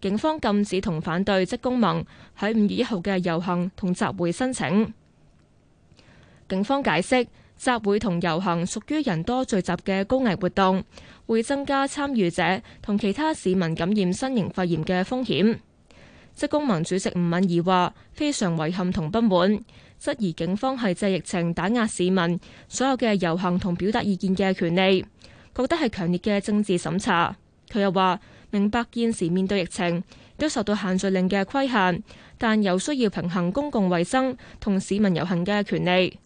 .警方禁止同反對職工盟喺五月一號嘅遊行同集會申請。警方解釋，集會同遊行屬於人多聚集嘅高危活動，會增加參與者同其他市民感染新型肺炎嘅風險。職工盟主席吳敏兒話，非常遺憾同不滿，質疑警方係借疫情打壓市民所有嘅遊行同表達意見嘅權利，覺得係強烈嘅政治審查。佢又話。明白，現時面對疫情都受到限聚令嘅規限，但又需要平衡公共衞生同市民遊行嘅權利。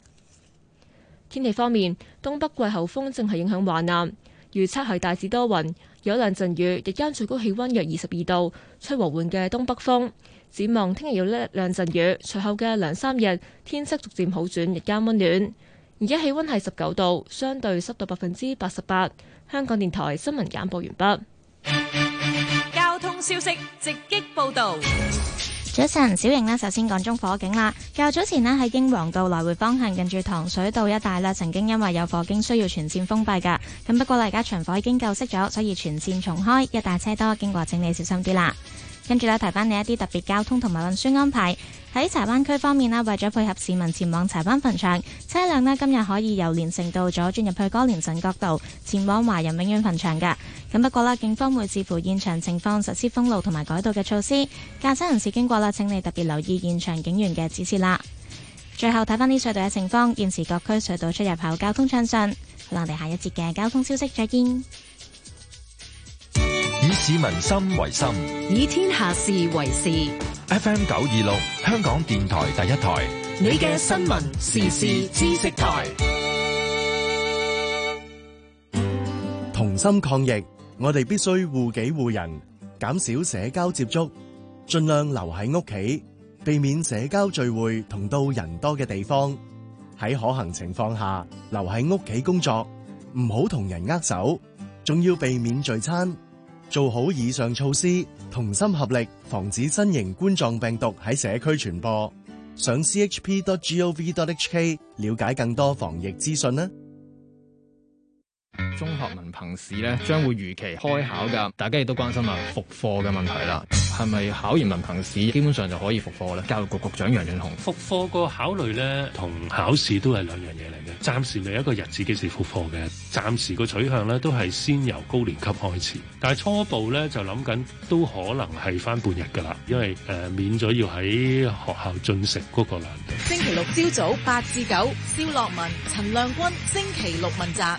天氣方面，東北季候風正係影響華南，預測係大致多雲，有兩陣雨，日間最高氣温約二十二度，吹和緩嘅東北風。展望聽日有呢兩陣雨，隨後嘅兩三日天色逐漸好轉，日間温暖。而家氣温係十九度，相對濕度百分之八十八。香港電台新聞簡報完畢。消息直擊報道。早晨，小瑩咧，首先講中火警啦。較早前咧喺英皇道來回方向，近住糖水道一帶咧，曾經因為有火警需要全線封閉噶。咁不過咧，而家場火已經救熄咗，所以全線重開。一帶車多，經過請你小心啲啦。跟住咧，提翻你一啲特別交通同埋運輸安排。喺柴灣區方面咧，為咗配合市民前往柴灣墳場，車輛呢今日可以由連城道左轉入去歌連臣角道，前往華人永遠墳場嘅。咁不過咧，警方會視乎現場情況實施封路同埋改道嘅措施。駕車人士經過啦，請你特別留意現場警員嘅指示啦。最後睇翻啲隧道嘅情況，現時各區隧道出入口交通暢順。我哋下一節嘅交通消息再見。以市民心為心，以天下事為事。FM 九二六，香港電台第一台，你嘅新聞時事知識台。同心抗疫，我哋必須護己護人，減少社交接觸，盡量留喺屋企，避免社交聚會同到人多嘅地方。喺可行情況下，留喺屋企工作，唔好同人握手，仲要避免聚餐。做好以上措施，同心合力，防止新型冠狀病毒喺社區傳播。上 chp.gov.hk 了解更多防疫資訊啦。中學文憑試咧，將會如期開考嘅，大家亦都關心啊，復課嘅問題啦，係咪考完文憑試基本上就可以復課咧？教育局局長楊潤雄：復課個考慮咧，同考試都係兩樣嘢嚟嘅，暫時未有一個日子幾時復課嘅，暫時個取向咧都係先由高年級開始，但係初步咧就諗緊都可能係翻半日噶啦，因為誒、呃、免咗要喺學校進食嗰個難度。星期六朝早八至九，蕭樂文、陳亮君，星期六問責。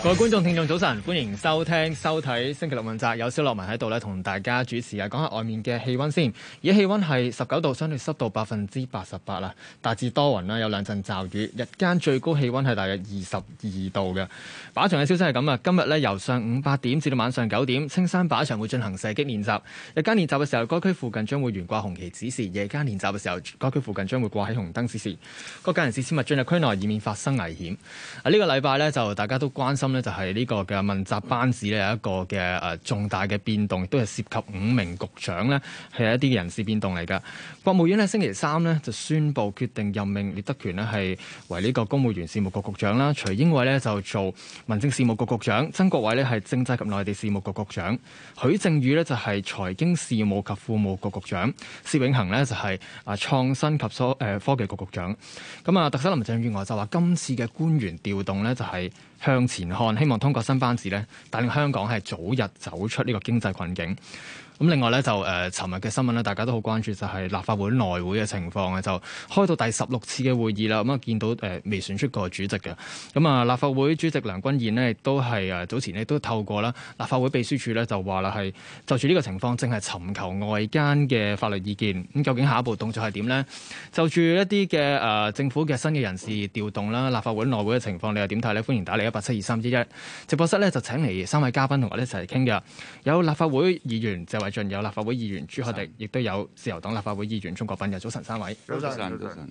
各位觀眾、聽眾，早晨，歡迎收聽、收睇《星期六問責》，有小樂文喺度呢，同大家主持啊，講下外面嘅氣温先。而家氣温係十九度，相對濕度百分之八十八啊，大致多雲啦，有兩陣驟雨。日間最高氣温係大約二十二度嘅。靶場嘅消息係咁啊，今日呢，由上午八點至到晚上九點，青山靶場會進行射擊練習。日間練習嘅時候，該區附近將會懸掛紅旗指示；夜間練習嘅時候，該區附近將會掛起紅燈指示，各界人士切勿進入區內，以免發生危險。啊，呢、這個禮拜呢，就大家都關心。啊咁咧就係呢個嘅問責班子咧，有一個嘅誒重大嘅變動，亦都係涉及五名局長咧，係一啲嘅人事變動嚟㗎。國務院咧星期三呢就宣布決定任命聶德權呢係為呢個公務員事務局局長啦，徐英偉呢就做民政事務局局長，曾國衞呢係政制及內地事務局局長，許正宇呢就係、是、財經事務及庫務局局長，薛永恆呢就係啊創新及所誒、呃、科技局局長。咁啊，特首林鄭月娥就話今次嘅官員調動呢就係、是。向前看，希望通過新班子咧，帶領香港係早日走出呢個經濟困境。咁另外咧就誒，尋、呃、日嘅新聞咧，大家都好關注，就係、是、立法會內會嘅情況啊，就開到第十六次嘅會議啦。咁啊，見到誒未、呃、選出過主席嘅。咁、嗯、啊，立法會主席梁君彥呢，亦都係誒、啊、早前亦都透過啦立法會秘書處咧，就話啦係就住呢個情況，正係尋求外間嘅法律意見。咁、嗯、究竟下一步動作係點呢？就住一啲嘅誒政府嘅新嘅人事調動啦，立法會內會嘅情況，你又點睇呢？歡迎打嚟一八七二三一一直播室咧，就請嚟三位嘉賓同我哋一齊傾嘅。有立法會議、議員就有立法會議員朱凱廸，亦三都有自由黨立法會議員鍾國斌。日早晨三位，早晨早晨。誒晨晨、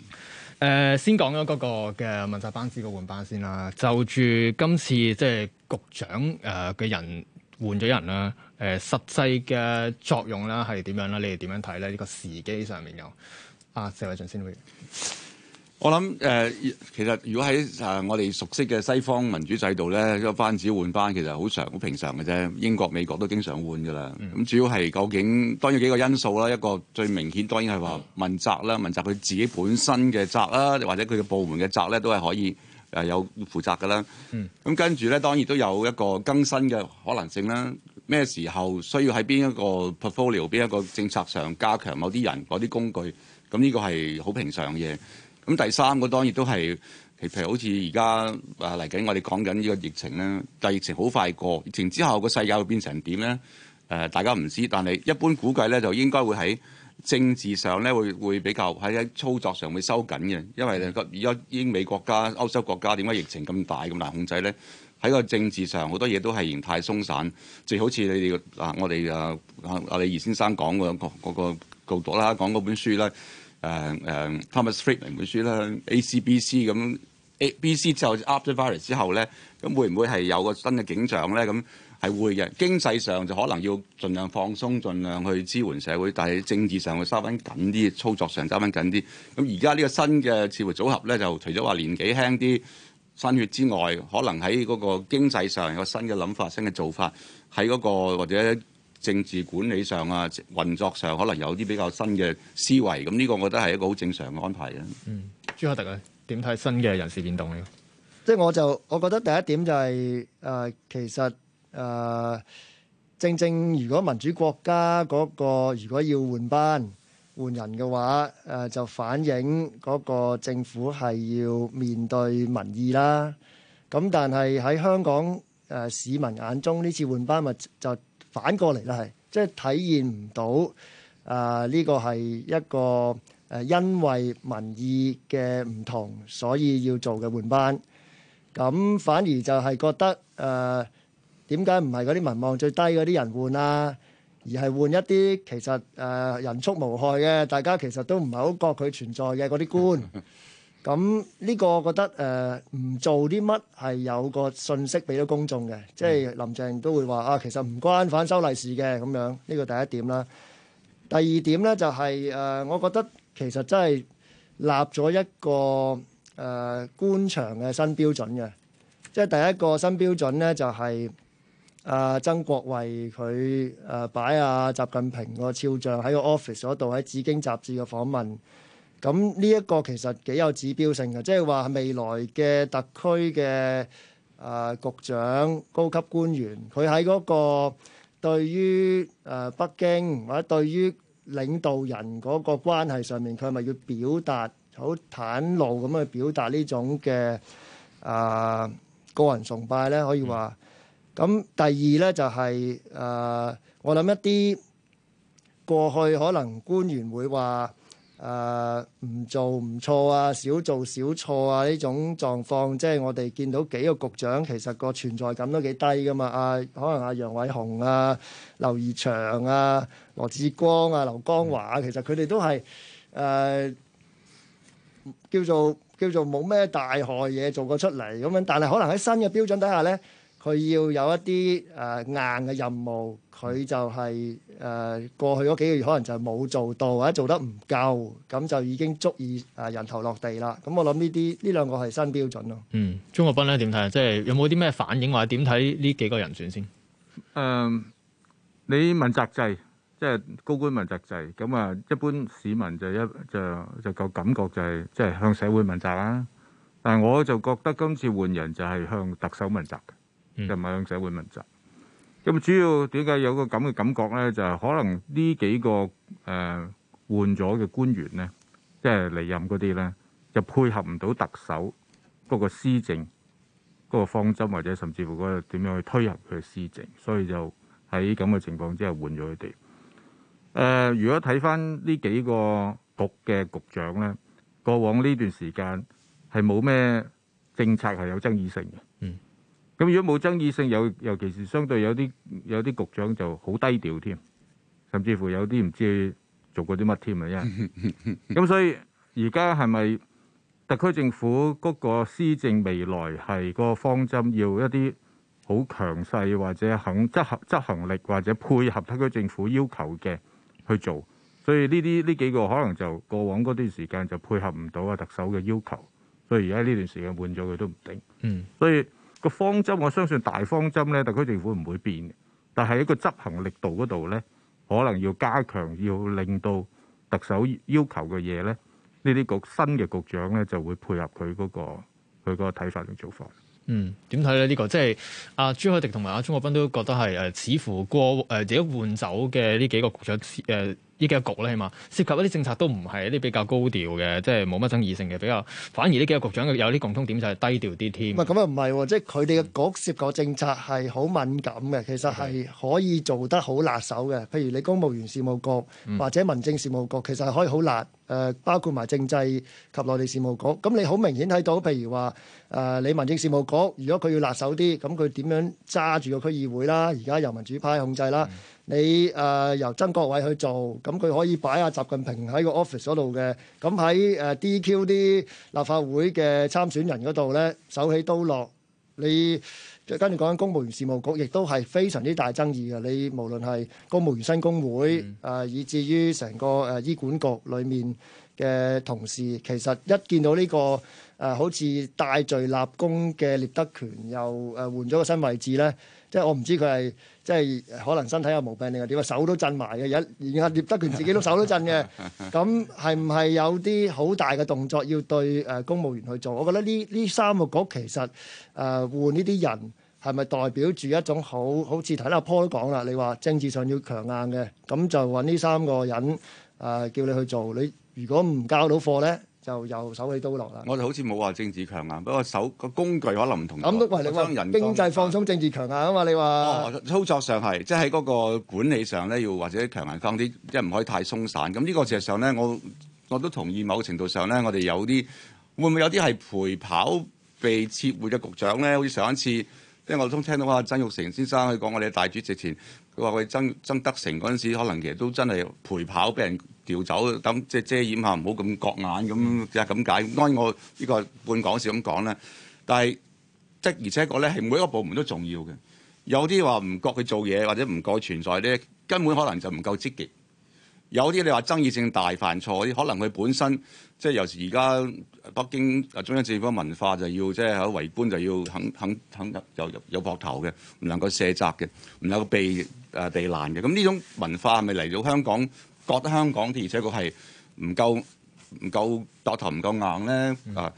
呃，先講咗嗰個嘅問責班子嘅換班先啦。就住今次即係局長誒嘅、呃、人換咗人啦。誒、呃，實際嘅作用啦係點樣啦？你哋點樣睇咧？呢、呢個時機上面有阿、啊、謝偉俊先會。我諗誒、呃，其實如果喺誒、呃、我哋熟悉嘅西方民主制度咧，一個班子換班其實好常好平常嘅啫。英國、美國都經常換噶啦。咁、嗯、主要係究竟當然有幾個因素啦，一個最明顯當然係話問責啦，問責佢自己本身嘅責啦，或者佢嘅部門嘅責咧都係可以誒、呃、有負責噶啦。咁、嗯、跟住咧當然都有一個更新嘅可能性啦。咩時候需要喺邊一個 portfolio 邊一個政策上加強某啲人嗰啲工具？咁呢個係好平常嘅嘢。咁第三個當然都係，譬如好似而家嚟緊，我哋講緊呢個疫情啦。但、就是、疫情好快過，疫情之後個世界會變成點咧？誒、呃，大家唔知。但係一般估計咧，就應該會喺政治上咧，會會比較喺操作上會收緊嘅。因為而家英美國家、歐洲國家點解疫情咁大咁難控制咧？喺個政治上好多嘢都係形態鬆散，最好似你哋啊，我哋啊阿李怡先生講過嗰個《告、那、讀、個》啦、那個，講嗰本書啦。誒誒、uh, uh,，Thomas Friedman 本書啦，A C B C 咁，A B C 就 after virus 之後咧，咁會唔會係有個新嘅景象咧？咁係會嘅，經濟上就可能要盡量放鬆，盡量去支援社會，但係政治上會收翻緊啲，操作上收翻緊啲。咁而家呢個新嘅治國組合咧，就除咗話年紀輕啲、新血之外，可能喺嗰個經濟上有新嘅諗法、新嘅做法，喺嗰、嗰個或者。政治管理上啊，運作上可能有啲比較新嘅思維，咁呢個我覺得係一個好正常嘅安排嘅。嗯，朱凱廸啊，點睇新嘅人事變動呢？即係我就我覺得第一點就係誒，其實誒正正如果民主國家嗰個如果要換班換人嘅話，誒就反映嗰個政府係要面對民意啦。咁但係喺香港誒市民眼中，呢次換班咪就？反過嚟啦，係即係體現唔到啊！呢、呃這個係一個誒，因為民意嘅唔同，所以要做嘅換班。咁、呃、反而就係覺得誒，點解唔係嗰啲民望最低嗰啲人換啊？而係換一啲其實誒、呃、人畜無害嘅，大家其實都唔係好覺佢存在嘅嗰啲官。 咁呢個我覺得誒唔、呃、做啲乜係有個信息俾到公眾嘅，即、就、係、是、林鄭都會話啊，其實唔關反修例事嘅咁樣。呢、這個第一點啦。第二點呢就係、是、誒、呃，我覺得其實真係立咗一個誒、呃、官場嘅新標準嘅。即係第一個新標準呢，就係、是、啊、呃、曾國衞佢誒擺啊習近平個肖像喺個 office 嗰度，喺《紫荊》雜誌嘅訪問。咁呢一個其實幾有指標性嘅，即係話未來嘅特區嘅啊局長、高級官員，佢喺嗰個對於、呃、北京或者對於領導人嗰個關係上面，佢係咪要表達好坦露咁去表達呢種嘅啊、呃、個人崇拜咧？可以話。咁、嗯、第二咧就係、是、誒、呃，我諗一啲過去可能官員會話。誒唔、呃、做唔錯啊，少做少錯啊！呢種狀況，即係我哋見到幾個局長，其實個存在感都幾低㗎嘛。阿、啊、可能阿楊偉雄啊、劉怡翔啊、羅志光啊、劉江華啊，其實佢哋都係誒、呃、叫做叫做冇咩大害嘢做過出嚟咁樣，但係可能喺新嘅標準底下呢。佢要有一啲誒硬嘅任務，佢就係誒過去嗰幾個月可能就冇做到或者做得唔夠，咁就已經足以誒人頭落地啦。咁我諗呢啲呢兩個係新標準咯。嗯，鍾國斌咧點睇啊？即係有冇啲咩反應，或者點睇呢幾個人選先？誒，你問責制即係高官問責制，咁啊，一般市民就一就就個感覺就係即係向社會問責啦。但係我就覺得今次換人就係向特首問責。就唔係向社會問責。咁主要點解有個咁嘅感覺咧？就係可能呢幾個誒換咗嘅官員咧，即係離任嗰啲咧，就配合唔到特首嗰個施政嗰個方針，或者甚至乎嗰個點樣去推行佢嘅施政，所以就喺咁嘅情況之下換咗佢哋。誒，如果睇翻呢幾個局嘅局長咧，過往呢段時間係冇咩政策係有爭議性嘅。咁如果冇爭議性，有尤其是相對有啲有啲局長就好低調添，甚至乎有啲唔知做過啲乜添啊！一咁 所以而家係咪特區政府嗰個施政未來係個方針要一啲好強勢或者肯執行執行力，或者配合特區政府要求嘅去做。所以呢啲呢幾個可能就過往嗰段時間就配合唔到啊特首嘅要求，所以而家呢段時間換咗佢都唔定。嗯，所以。個方針，我相信大方針咧，特區政府唔會變，但係一個執行力度嗰度咧，可能要加強，要令到特首要求嘅嘢咧，呢啲局新嘅局長咧就會配合佢嗰、嗰個佢嗰睇法同做法。嗯，點睇咧？呢、呢個即係阿、啊、朱凱廸同埋阿鍾國斌都覺得係誒、呃，似乎過誒，呃、自己換走嘅呢幾個局長誒。呃呢幾個局咧，起碼涉及一啲政策都唔係一啲比較高調嘅，即係冇乜爭議性嘅，比較反而呢幾個局長有啲共通點就係低調啲添。咁又唔係喎，即係佢哋嘅局涉及政策係好敏感嘅，其實係可以做得好辣手嘅。譬如你公務員事務局或者民政事務局，其實係可以好辣。誒、呃，包括埋政制及內地事務局。咁你好明顯睇到，譬如話誒、呃，你民政事務局，如果佢要辣手啲，咁佢點樣揸住個區議會啦？而家由民主派控制啦。你誒由曾國偉去做，咁佢可以擺下習近平喺個 office 嗰度嘅。咁喺誒 DQ 啲立法會嘅參選人嗰度咧，手起刀落。你跟住講緊公務員事務局，亦都係非常之大爭議嘅。你無論係公務員新工會，誒，以至於成個誒醫管局裏面嘅同事，其實一見到呢個誒好似戴罪立功嘅聶德權又誒換咗個新位置咧，即係我唔知佢係。即係可能身體有毛病你話點啊？手都震埋嘅，而而阿聶德權自己都手都震嘅。咁係唔係有啲好大嘅動作要對誒公務員去做？我覺得呢呢三個局其實誒、呃、換呢啲人係咪代表住一種好好似睇阿波都講啦？你話政治上要強硬嘅，咁就揾呢三個人誒、呃、叫你去做。你如果唔交到貨呢，就又手起刀落啦！我哋好似冇話政治強硬，不過手個工具可能唔同。咁喂你話經濟放鬆，政治強硬啊嘛？你話、哦、操作上係即係喺嗰個管理上咧，要或者強硬放啲，即係唔可以太鬆散。咁呢個事實上咧，我我都同意某程度上咧，我哋有啲會唔會有啲係陪跑被撤回嘅局長咧？好似上一次，因為我都聽到阿曾玉成先生佢講，我哋大主席前佢話佢曾曾德成嗰陣時，可能其實都真係陪跑俾人調走，咁即係遮掩下，唔好咁覺眼咁，即係咁解。當然我呢個半講笑咁講咧，但係即而且個咧係每一個部門都重要嘅。有啲話唔覺佢做嘢或者唔覺存在咧，根本可能就唔夠積極。有啲你話爭議性大犯錯啲，可能佢本身即係、就是、尤其而家北京中央政府文化就要即係喺圍觀就要肯肯肯有有有膊頭嘅，唔能夠卸責嘅，唔能夠避誒避，避難嘅。咁呢種文化係咪嚟到香港？覺得香港的而且確係唔夠唔夠頭唔夠硬咧啊！嗯、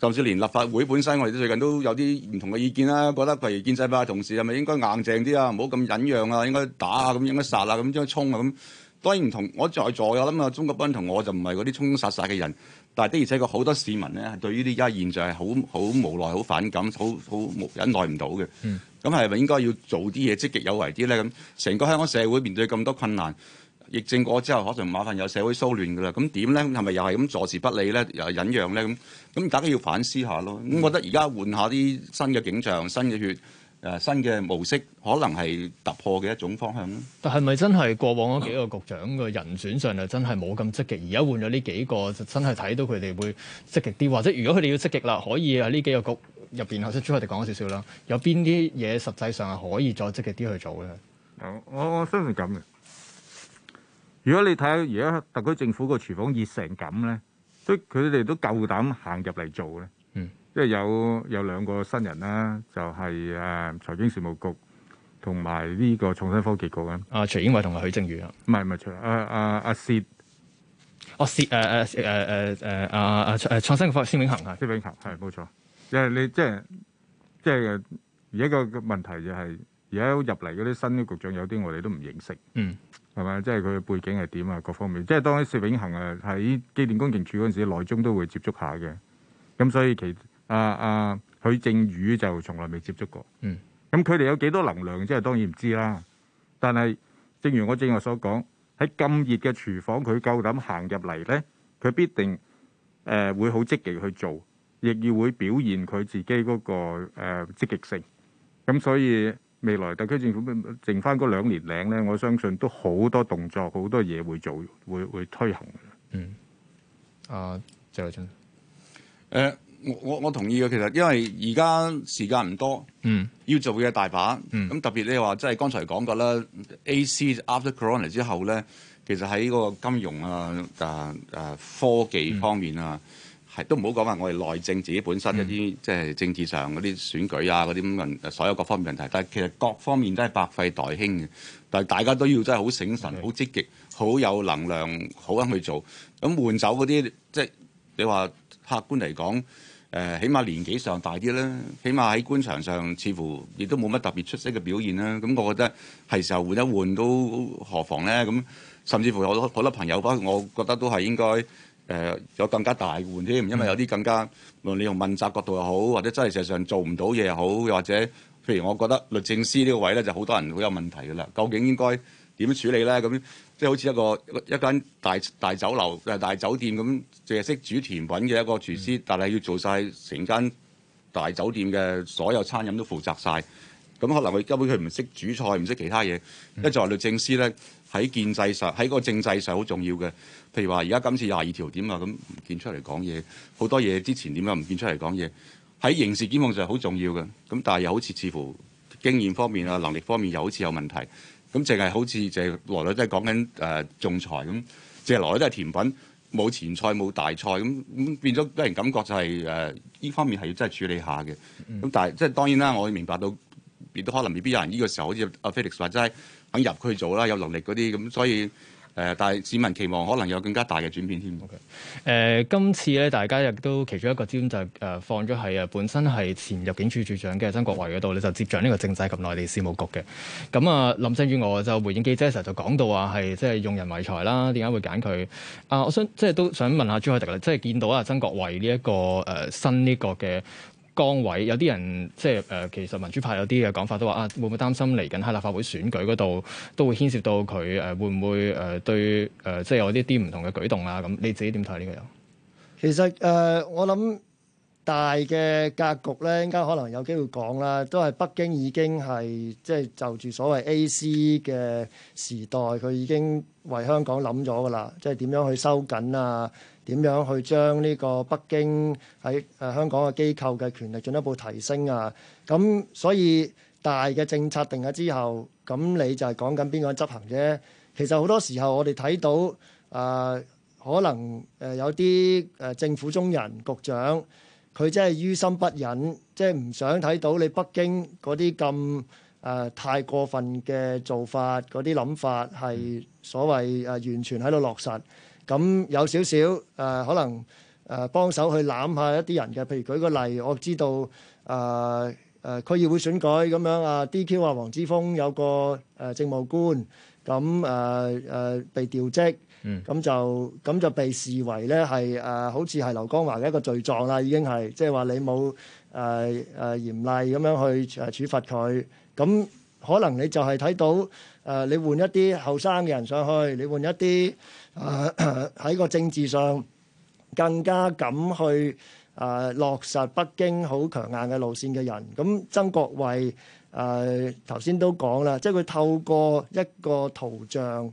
甚至連立法會本身，我哋最近都有啲唔同嘅意見啦。覺得譬如建制派同事係咪應該硬淨啲啊？唔好咁忍讓啊！應該打啊！咁應該殺啊！咁將衝啊！咁當然唔同我在座有諗啊。鍾國斌同我就唔係嗰啲衝殺殺嘅人，但的而且確好多市民咧對於呢家現象係好好無奈、好反感、好好忍耐唔到嘅。咁係咪應該要做啲嘢積極有為啲咧？咁成個香港社會面對咁多困難。疫症過之後，可能馬上有社會騷亂噶啦。咁點咧？係咪又係咁坐視不理咧？又忍讓咧？咁咁大家要反思下咯。咁覺得而家換下啲新嘅景象、新嘅血、誒、呃、新嘅模式，可能係突破嘅一種方向。但係咪真係過往嗰幾個局長嘅人選上就真係冇咁積極？而家換咗呢幾個，就真係睇到佢哋會積極啲。或者如果佢哋要積極啦，可以喺呢幾個局入邊，即係我哋講少少啦，有邊啲嘢實際上係可以再積極啲去做咧？我我相信咁嘅。如果你睇下而家特區政府個廚房熱成咁咧，即佢哋都夠膽行入嚟做咧。嗯，即係有有兩個新人啦，就係、是、誒財經事務局同埋呢個創新科技局啦。阿、啊、徐英偉同埋許正宇啊。唔係唔係，阿阿阿薛。哦，薛誒誒誒誒誒阿阿誒創新科薛永恒，啊，薛永恒，係、啊、冇錯。因為你即係即係而家個問題就係、是。而家入嚟嗰啲新嘅局長，有啲我哋都唔認識，係咪？即係佢嘅背景係點啊？各方面即係當時，薛永恆啊，喺機電工程署嗰陣時，內中都會接觸下嘅。咁所以其阿阿許正宇就從來未接觸過。咁佢哋有幾多能量，即係當然唔知啦。但係正如我正話所講，喺咁熱嘅廚房，佢夠膽行入嚟咧，佢必定誒會好積極去做，亦要會表現佢自己嗰個誒積極性。咁所以。未來特區政府剩翻嗰兩年領咧，我相信都好多動作，好多嘢會做，會會推行。嗯，啊，謝偉俊，誒、呃，我我我同意嘅。其實因為而家時間唔多，嗯，要做嘅大把，咁、嗯、特別你話即係剛才講過啦，A. C. After Corona 之後咧，其實喺個金融啊，誒、啊、誒、啊、科技方面啊。嗯都唔好講話，我哋內政自己本身一啲、嗯、即係政治上嗰啲選舉啊，嗰啲咁問，所有各方面問題。但係其實各方面都係百廢待興嘅，但係大家都要真係好醒神、好 Okay. 積極、好有能量、好肯去做。咁換走嗰啲，即係你話客觀嚟講，誒、呃，起碼年紀上大啲啦，起碼喺官場上似乎亦都冇乜特別出色嘅表現啦。咁我覺得係時候換一換都何妨咧？咁甚至乎好多好多朋友，包括我覺得都係應該。誒有、呃、更加大換添，因為有啲更加無論你用問責角度又好，或者真係事實上做唔到嘢又好，或者譬如我覺得律政司呢個位咧就好多人好有問題㗎啦。究竟應該點處理咧？咁即係好似一個一間大大酒樓誒大酒店咁，淨係識煮甜品嘅一個廚師，嗯、但係要做晒成間大酒店嘅所有餐飲都負責晒。咁可能佢根本佢唔識煮菜，唔識其他嘢，一做、嗯、律政司咧。喺建制上，喺個政制上好重要嘅。譬如話，而家今次廿二條點啊？咁唔見出嚟講嘢，好多嘢之前點樣，唔見出嚟講嘢。喺刑事檢控上好重要嘅，咁但係又好似似乎經驗方面啊，能力方面又好似有問題。咁淨係好似就來來都係講緊誒仲裁，咁淨係來來都係甜品，冇前菜冇大菜，咁咁變咗俾人感覺就係誒呢方面係要真係處理下嘅。咁但係即係當然啦，我哋明白到亦都可能未必有人呢個時候，好似阿 Felix 話齋。肯入區做啦，有能力嗰啲咁，所以誒、呃，但係市民期望可能有更加大嘅轉變添嘅。誒、okay. 呃，今次咧，大家亦都其中一個招就係、是、誒、呃、放咗喺誒本身係前入境處處長嘅曾國衛嗰度，你就接掌呢個政制及內地事務局嘅。咁、嗯、啊，林鄭月娥就回應記者嘅時候就講到話係即係用人唯才啦，點解會揀佢？啊，我想即係都想問下朱凱廸啦，即係見到啊曾國衛呢一個誒、呃、新呢個嘅。崗位有啲人即係誒，其實民主派有啲嘅講法都話啊，會唔會擔心嚟緊喺立法會選舉嗰度都會牽涉到佢誒會唔會誒對誒即係有一啲唔同嘅舉動啊？咁你自己點睇呢個嘢？其實誒，我諗。大嘅格局咧，應該可能有機會講啦，都係北京已經係即係就住所謂 A.C. 嘅時代，佢已經為香港諗咗噶啦，即係點樣去收緊啊？點樣去將呢個北京喺誒香港嘅機構嘅權力進一步提升啊？咁所以大嘅政策定咗之後，咁你就係講緊邊個執行啫。其實好多時候，我哋睇到啊，可能誒有啲誒政府中人局長。佢真係於心不忍，即係唔想睇到你北京嗰啲咁誒太過分嘅做法，嗰啲諗法係所謂誒、呃、完全喺度落實。咁有少少誒、呃、可能誒、呃、幫手去攬下一啲人嘅，譬如舉個例，我知道誒誒、呃、區議會選舉咁樣啊，DQ 啊黃之鋒有個誒、呃、政務官，咁誒誒被調職。嗯，咁就咁就被視為咧係誒，好似係劉江華嘅一個罪狀啦，已經係即係話你冇誒誒嚴厲咁樣去誒處罰佢。咁可能你就係睇到誒、呃，你換一啲後生嘅人上去，你換一啲誒喺個政治上更加敢去誒、呃、落實北京好強硬嘅路線嘅人。咁曾國衞誒頭先都講啦，即係佢透過一個圖像。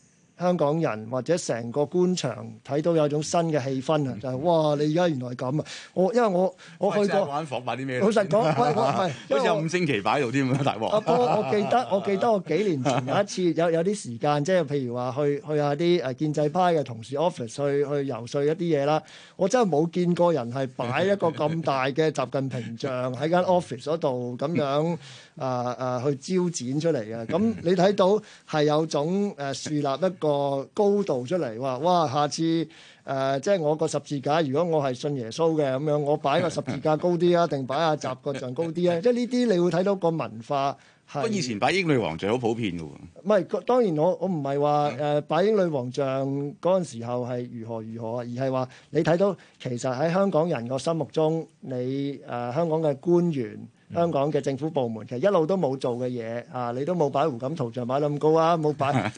香港人或者成個官場睇到有種新嘅氣氛啊！就係哇，你而家原來咁啊！我因為我我去過，老實講，我我係，好似有五星旗擺度添啊！大鑊！我我記得我記得我幾年前有一次有有啲時間，即係譬如話去去下啲誒建制派嘅同事 office 去去遊説一啲嘢啦。我真係冇見過人係擺一個咁大嘅習近平像喺間 office 嗰度咁樣啊啊去招展出嚟嘅。咁你睇到係有種誒樹立一個。個高度出嚟話哇，下次誒、呃，即係我個十字架，如果我係信耶穌嘅，咁樣，我擺個十字架高啲啊，定擺下雜個像高啲啊？即係呢啲你會睇到個文化係。以前擺英女王像好普遍噶喎，唔係當然我我唔係話誒擺英女王像嗰陣時候係如何如何啊，而係話你睇到其實喺香港人個心目中，你誒、呃、香港嘅官員。香港嘅政府部門其實一路都冇做嘅嘢啊，你都冇擺胡錦濤像擺到咁高啊，冇擺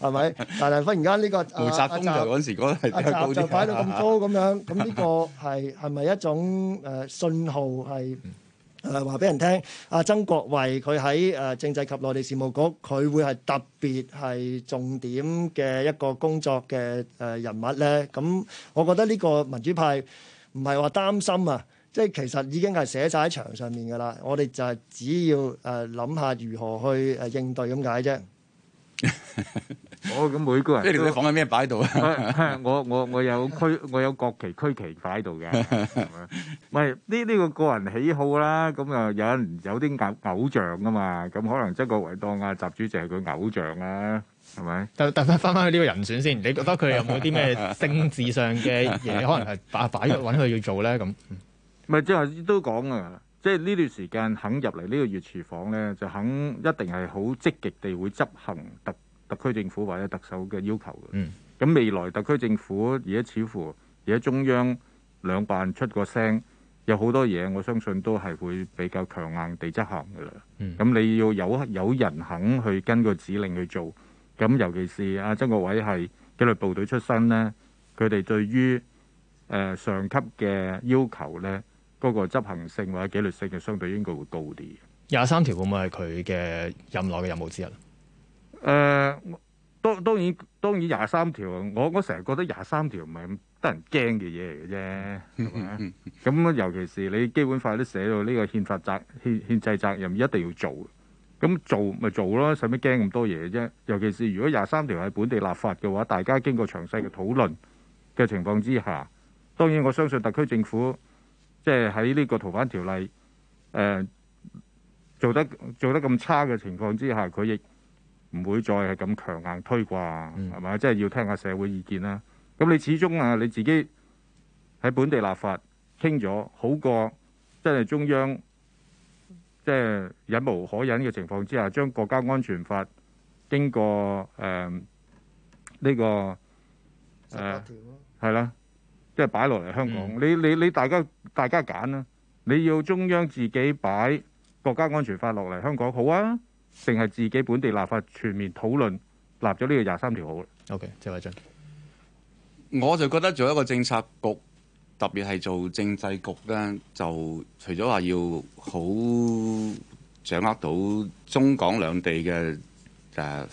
係咪？但係忽然間呢個胡澤峯就嗰時講係高咗啦嚇。就擺到咁高咁樣，咁呢個係係咪一種誒信號係誒話俾人聽？阿曾國衛佢喺誒政制及內地事務局，佢會係特別係重點嘅一個工作嘅誒人物咧。咁我覺得呢個民主派唔係話擔心啊。即係其實已經係寫晒喺牆上面噶啦，我哋就係只要誒諗下如何去誒應對咁解啫。我咁每個人，即係你講緊咩擺喺度啊？我我我有區我有國旗區旗擺喺度嘅。唔係呢，呢個個人喜好啦。咁啊有人有啲偶偶像噶嘛？咁可能曾國偉當阿習主席係佢偶像啊？係咪？但但翻翻翻去呢個人選先，你覺得佢有冇啲咩政治上嘅嘢，可能係擺擺喺度揾佢要做咧？咁？唔係即係都講啊！即係呢段時間肯入嚟呢個熱廚房呢，就肯一定係好積極地會執行特特區政府或者特首嘅要求嘅。咁、嗯、未來特區政府而家似乎而家中央兩辦出個聲，有好多嘢，我相信都係會比較強硬地執行㗎啦。咁、嗯、你要有有人肯去跟個指令去做，咁尤其是阿、啊、曾國偉係紀律部隊出身呢，佢哋對於誒、呃、上級嘅要求呢，嗰個執行性或者紀律性就相對應該會高啲。廿三條會唔會係佢嘅任內嘅任務之一？誒、呃，當然當然當然廿三條，我我成日覺得廿三條唔係咁得人驚嘅嘢嚟嘅啫。咁 尤其是你基本法都寫到呢個憲法責憲憲制責任一定要做，咁做咪做咯，使乜驚咁多嘢啫？尤其是如果廿三條係本地立法嘅話，大家經過詳細嘅討論嘅情況之下，當然我相信特區政府。即係喺呢個逃犯條例誒、呃、做得做得咁差嘅情況之下，佢亦唔會再係咁強硬推啩，係嘛、嗯？即係要聽下社會意見啦。咁你始終啊，你自己喺本地立法傾咗，好過真係即係中央即係忍無可忍嘅情況之下，將國家安全法經過誒呢、呃這個十八條，係啦。即係擺落嚟香港，嗯、你你你大家大家揀啦，你要中央自己擺國家安全法落嚟香港好啊，定係自己本地立法全面討論立咗呢個廿三條好？OK，謝偉俊，我就覺得做一個政策局，特別係做政制局咧，就除咗話要好掌握到中港兩地嘅誒。Uh,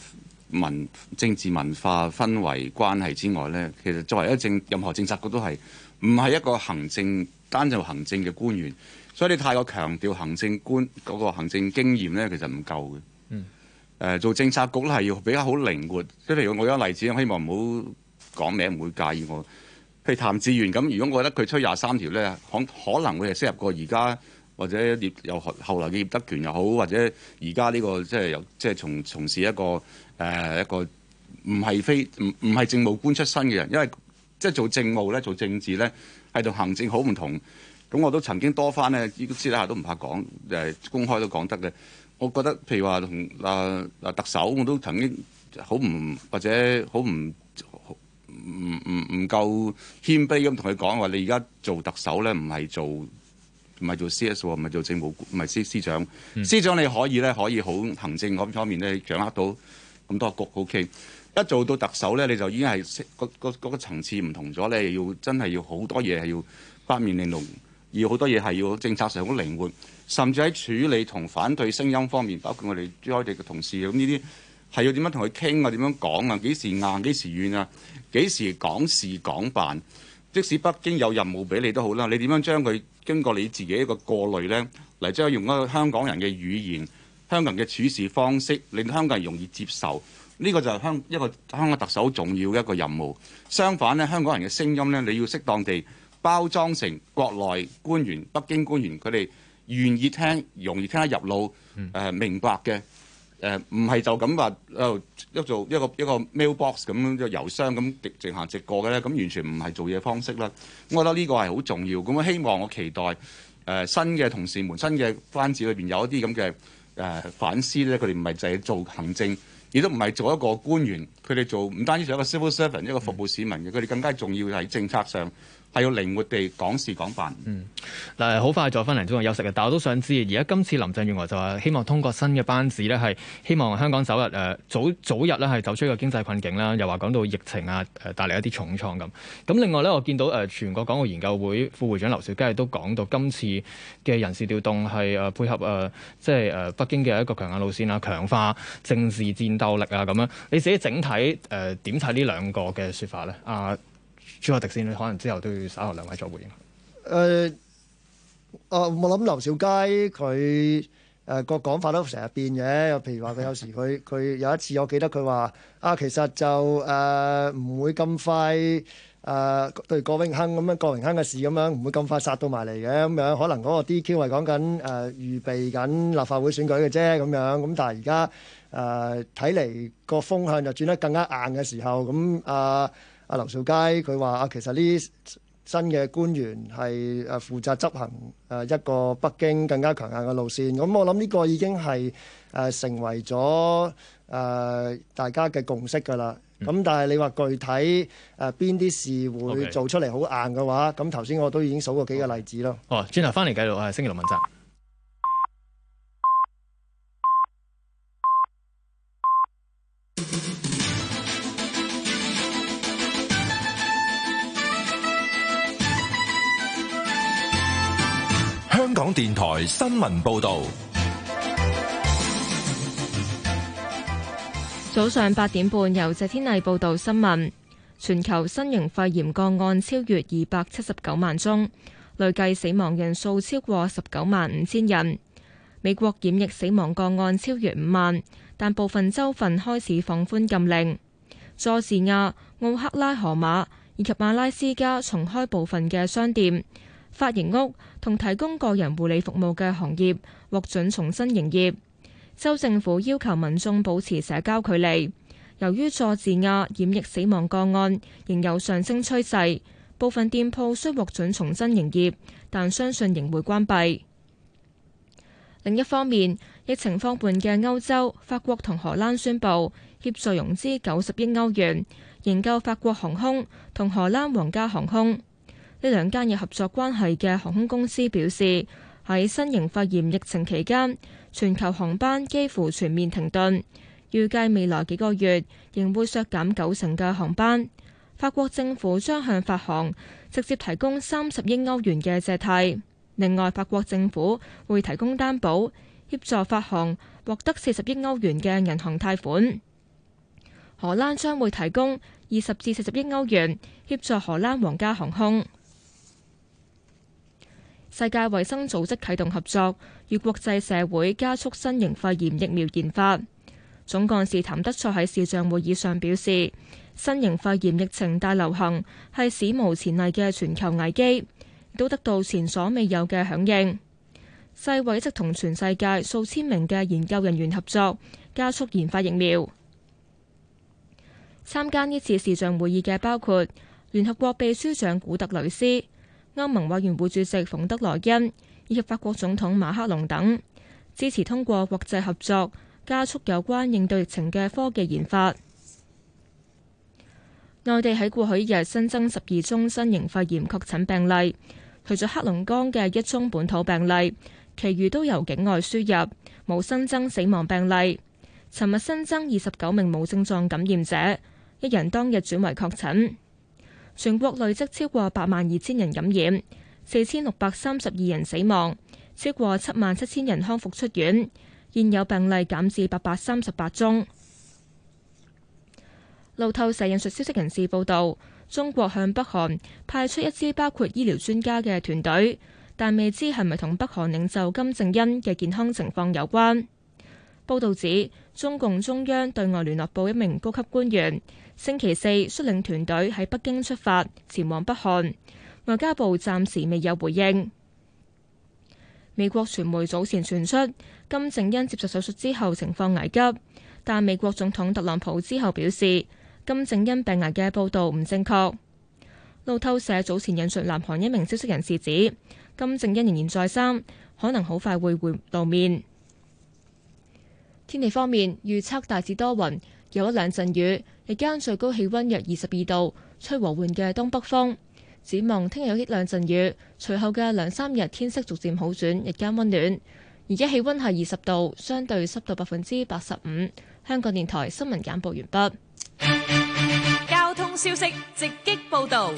文政治文化氛圍關係之外咧，其實作為一政任何政策局都係唔係一個行政單就行政嘅官員，所以你太過強調行政官嗰個行政經驗咧，其實唔夠嘅。嗯，誒做政策局咧係要比較好靈活，即係例如我有例子，我希望唔好講名唔會介意我。譬如譚志源咁，如果我覺得佢出廿三條咧，可可能會係適合過而家。或者葉又後後來嘅葉德權又好，或者而家呢個即係、就是、有即係、就是、從從事一個誒、呃、一個唔係非唔唔係政務官出身嘅人，因為即係、就是、做政務咧、做政治咧係同行政好唔同。咁我都曾經多番咧，呢個私底下都唔怕講，誒、呃、公開都講得嘅。我覺得譬如話同啊啊特首我都曾經好唔或者好唔唔唔唔夠謙卑咁同佢講話，你而家做特首咧唔係做。唔係做 C.S. 唔係做政務，唔係司司長。嗯、司長你可以咧，可以好行政嗰方面咧，掌握到咁多局。O.K. 一做到特首咧，你就已經係個個個層次唔同咗咧，要真係要好多嘢係要八面玲瓏，要好多嘢係要政策上好靈活，甚至喺處理同反對聲音方面，包括我哋朱凱廸嘅同事咁呢啲，係要點樣同佢傾啊？點樣講啊？幾時硬？幾時軟啊？幾時講事講辦？即使北京有任務俾你都好啦，你點樣將佢經過你自己一個過濾呢？嚟將用一個香港人嘅語言、香港人嘅處事方式，令香港人容易接受。呢、呢個就係香一個，一個香港特首重要嘅一個任務。相反呢，香港人嘅聲音呢，你要適當地包裝成國內官員、北京官員佢哋願意聽、容易聽得入腦、嗯呃、明白嘅。誒唔係就咁話喺一做一個一個 mail box 咁樣嘅郵箱咁直直行直過嘅咧，咁完全唔係做嘢方式啦。我覺得呢個係好重要。咁希望我期待誒、呃、新嘅同事們、新嘅班子裏邊有一啲咁嘅誒反思咧。佢哋唔係淨係做行政，亦都唔係做一個官員。佢哋做唔單止做一個 civil servant 一個服務市民嘅，佢哋更加重要係政策上。係要靈活地講事講辦。嗯，嗱，好快再翻嚟中去休息嘅。但我都想知，而家今次林鄭月娥就話，希望通過新嘅班子咧，係希望香港早日、呃、早、早日誒早早日咧係走出個經濟困境啦。又話講到疫情啊，誒帶嚟一啲重創咁。咁另外呢，我見到誒、呃、全國港澳研究會副會長劉兆佳都講到，今次嘅人事調動係誒配合誒、呃、即係誒北京嘅一個強硬路線啊，強化政治戰鬥力啊咁樣。你自己整體誒點睇呢兩個嘅説法呢？啊？啊啊啊之外，的先你可能之後都要稍後兩位作回應。誒誒，我諗劉兆佳佢誒個講法都成日變嘅。譬如話佢有時佢佢有一次我記得佢話啊，其實就誒唔會咁快誒對郭榮鏗咁樣，郭榮鏗嘅事咁樣唔會咁快殺到埋嚟嘅咁樣。可能嗰個 DQ 係講緊誒預備緊立法會選舉嘅啫咁樣。咁但係而家誒睇嚟個風向就轉得更加硬嘅時候咁啊。阿劉兆佳佢話：啊，其實呢啲新嘅官員係誒負責執行誒一個北京更加強硬嘅路線。咁我諗呢個已經係誒成為咗誒、呃、大家嘅共識㗎啦。咁但係你話具體誒邊啲事會做出嚟好硬嘅話，咁頭先我都已經數過幾個例子咯。哦，轉頭翻嚟繼續係星期六問責。香港電台新聞報道，早上八點半由謝天麗報道新聞。全球新型肺炎個案超越二百七十九萬宗，累計死亡人數超過十九萬五千人。美國染疫死亡個案超越五萬，但部分州份開始放寬禁令。佐治亞、奧克拉荷馬以及馬拉斯加重開部分嘅商店。髮型屋同提供個人護理服務嘅行業獲准重新營業。州政府要求民眾保持社交距離。由於佐治亞染疫死亡個案仍有上升趨勢，部分店鋪雖獲准重新營業，但相信仍會關閉。另一方面，疫情放緩嘅歐洲，法國同荷蘭宣布協助融資九十億歐元，營救法國航空同荷蘭皇家航空。呢兩間有合作關係嘅航空公司表示，喺新型肺炎疫情期間，全球航班幾乎全面停頓，預計未來幾個月仍會削減九成嘅航班。法國政府將向法航直接提供三十億歐元嘅借貸，另外法國政府會提供擔保協助法航獲得四十億歐元嘅銀行貸款。荷蘭將會提供二十至四十億歐元協助荷蘭皇家航空。世界衛生組織啟動合作，與國際社會加速新型肺炎疫苗研發。總幹事譚德賽喺視像會議上表示，新型肺炎疫情大流行係史無前例嘅全球危機，亦都得到前所未有嘅響應。世衛即同全世界數千名嘅研究人員合作，加速研發疫苗。參加呢次視像會議嘅包括聯合國秘書長古特雷斯。歐盟委員會主席馮德萊恩以及法國總統馬克龍等支持通過國際合作加速有關應對疫情嘅科技研發。內地喺過去一日新增十二宗新型肺炎確診病例，除咗黑龍江嘅一宗本土病例，其餘都由境外輸入，冇新增死亡病例。尋日新增二十九名無症狀感染者，一人當日轉為確診。全國累積超過八萬二千人感染，四千六百三十二人死亡，超過七萬七千人康復出院，現有病例減至八百三十八宗。路透社引述消息人士報導，中國向北韓派出一支包括醫療專家嘅團隊，但未知係咪同北韓領袖金正恩嘅健康情況有關。報導指，中共中央對外聯絡部一名高級官員，星期四，率領團隊喺北京出發前往北韓。外交部暫時未有回應。美國傳媒早前傳出金正恩接受手術之後情況危急，但美國總統特朗普之後表示金正恩病危嘅報道唔正確。路透社早前引述南韓一名消息人士指，金正恩仍然在生，可能好快會回露面。天氣方面，預測大致多雲，有一兩陣雨。日間最高氣溫約二十二度，吹和緩嘅東北風。展望聽日有一兩陣雨，隨後嘅兩三日天色逐漸好轉，日間溫暖。而家氣溫係二十度，相對濕度百分之八十五。香港電台新聞簡報完畢。交通消息直擊報道。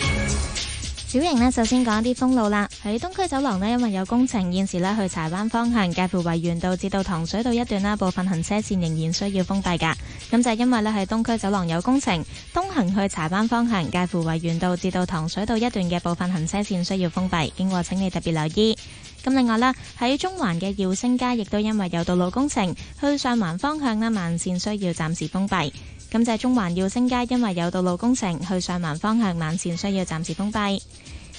小型呢，首先講一啲封路啦。喺東區走廊呢，因為有工程，現時呢去柴灣方向介乎維園道至到糖水道一段啦，部分行車線仍然需要封閉噶。咁就係因為呢，喺東區走廊有工程，東行去柴灣方向介乎維園道至到糖水道一段嘅部分行車線需要封閉，經過請你特別留意。咁另外啦，喺中環嘅耀星街亦都因為有道路工程，去上環方向啦慢線需要暫時封閉。咁就係中環耀星街，因為有道路工程，去上環方向慢線需要暫時封閉。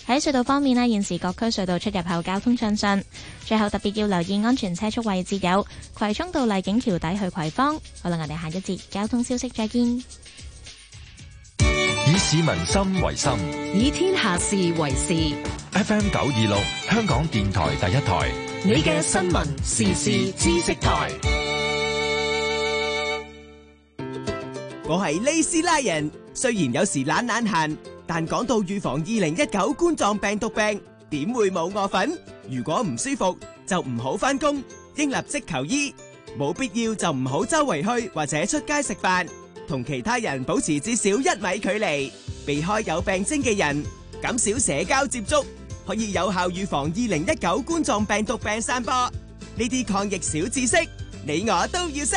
喺隧道方面咧，現時各區隧道出入口交通暢順，順。最後特別要留意安全車速位置有葵涌道麗景橋底去葵芳。好啦，我哋下一節交通消息，再見。以市民心為心，以天下事為事。FM 九二六，香港電台第一台，你嘅新聞時事知識台。我係利斯拉人，雖然有時懶懶閑，但講到預防二零一九冠狀病毒病，點會冇我份？如果唔舒服，就唔好返工，應立即求醫。冇必要就唔好周圍去或者出街食飯，同其他人保持至少一米距離，避開有病徵嘅人，減少社交接觸，可以有效預防二零一九冠狀病毒病散播。呢啲抗疫小知識，你我都要識。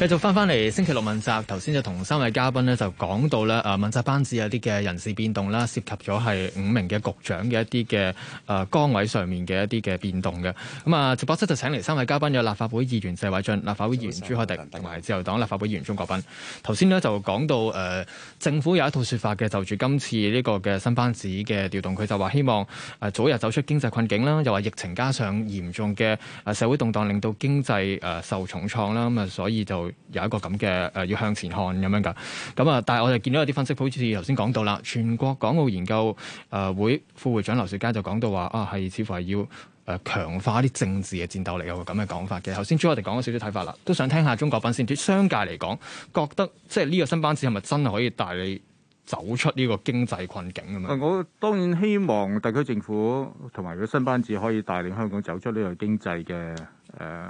繼續翻翻嚟星期六問責，頭先就同三位嘉賓呢就講到咧誒、啊、問責班子有啲嘅人事變動啦，涉及咗係五名嘅局長嘅一啲嘅誒崗位上面嘅一啲嘅變動嘅。咁、嗯、啊，直播室就請嚟三位嘉賓，有立法會議員謝偉俊、立法會議員朱凱廸同埋自由黨立法會議員鍾國斌。頭先呢就講到誒、呃、政府有一套説法嘅，就住今次呢個嘅新班子嘅調動，佢就話希望誒、呃、早日走出經濟困境啦，又話疫情加上嚴重嘅誒社會動盪，令到經濟誒、呃、受重創啦，咁、嗯、啊所以就。有一個咁嘅誒，要向前看咁樣噶，咁啊，但係我就見到有啲分析，好似頭先講到啦，全國港澳研究誒會副會長劉兆佳就講到話啊，係似乎係要誒強化啲政治嘅戰鬥力，有個咁嘅講法嘅。頭先朱凱廸，我哋講咗少少睇法啦，都想聽下鍾國斌先，啲商界嚟講，覺得即係呢個新班子係咪真係可以帶你走出呢個經濟困境咁樣？我當然希望特區政府同埋個新班子可以帶領香港走出呢個經濟嘅誒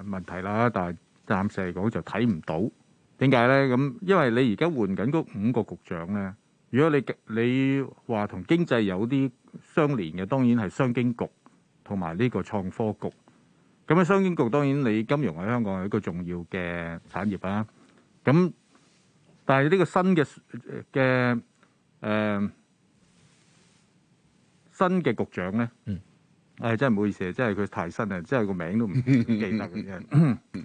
問題啦，但係。暫時嚟講就睇唔到，點解咧？咁因為你而家換緊嗰五個局長咧，如果你你話同經濟有啲相連嘅，當然係商經局同埋呢個創科局。咁啊，商經局當然你金融喺香港係一個重要嘅產業啊。咁但係呢個新嘅嘅誒新嘅局長咧，誒真係唔好意思，真係佢太新啊，真係個名都唔記得嘅啫。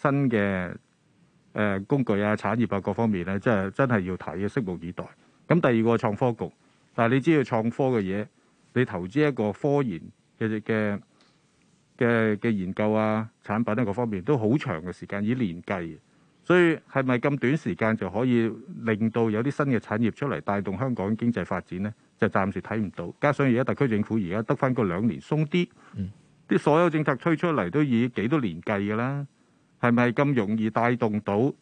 新嘅誒、呃、工具啊、產業啊各方面咧，即係真係要睇，拭目以待。咁第二個創科局，但係你知道創科嘅嘢，你投資一個科研嘅嘅嘅嘅研究啊、產品啊各方面都好長嘅時間，以年計。所以係咪咁短時間就可以令到有啲新嘅產業出嚟，帶動香港經濟發展呢？就暫時睇唔到。加上而家特區政府而家得返個兩年鬆啲，啲、嗯、所有政策推出嚟都以幾多年計㗎啦。係咪咁容易帶動到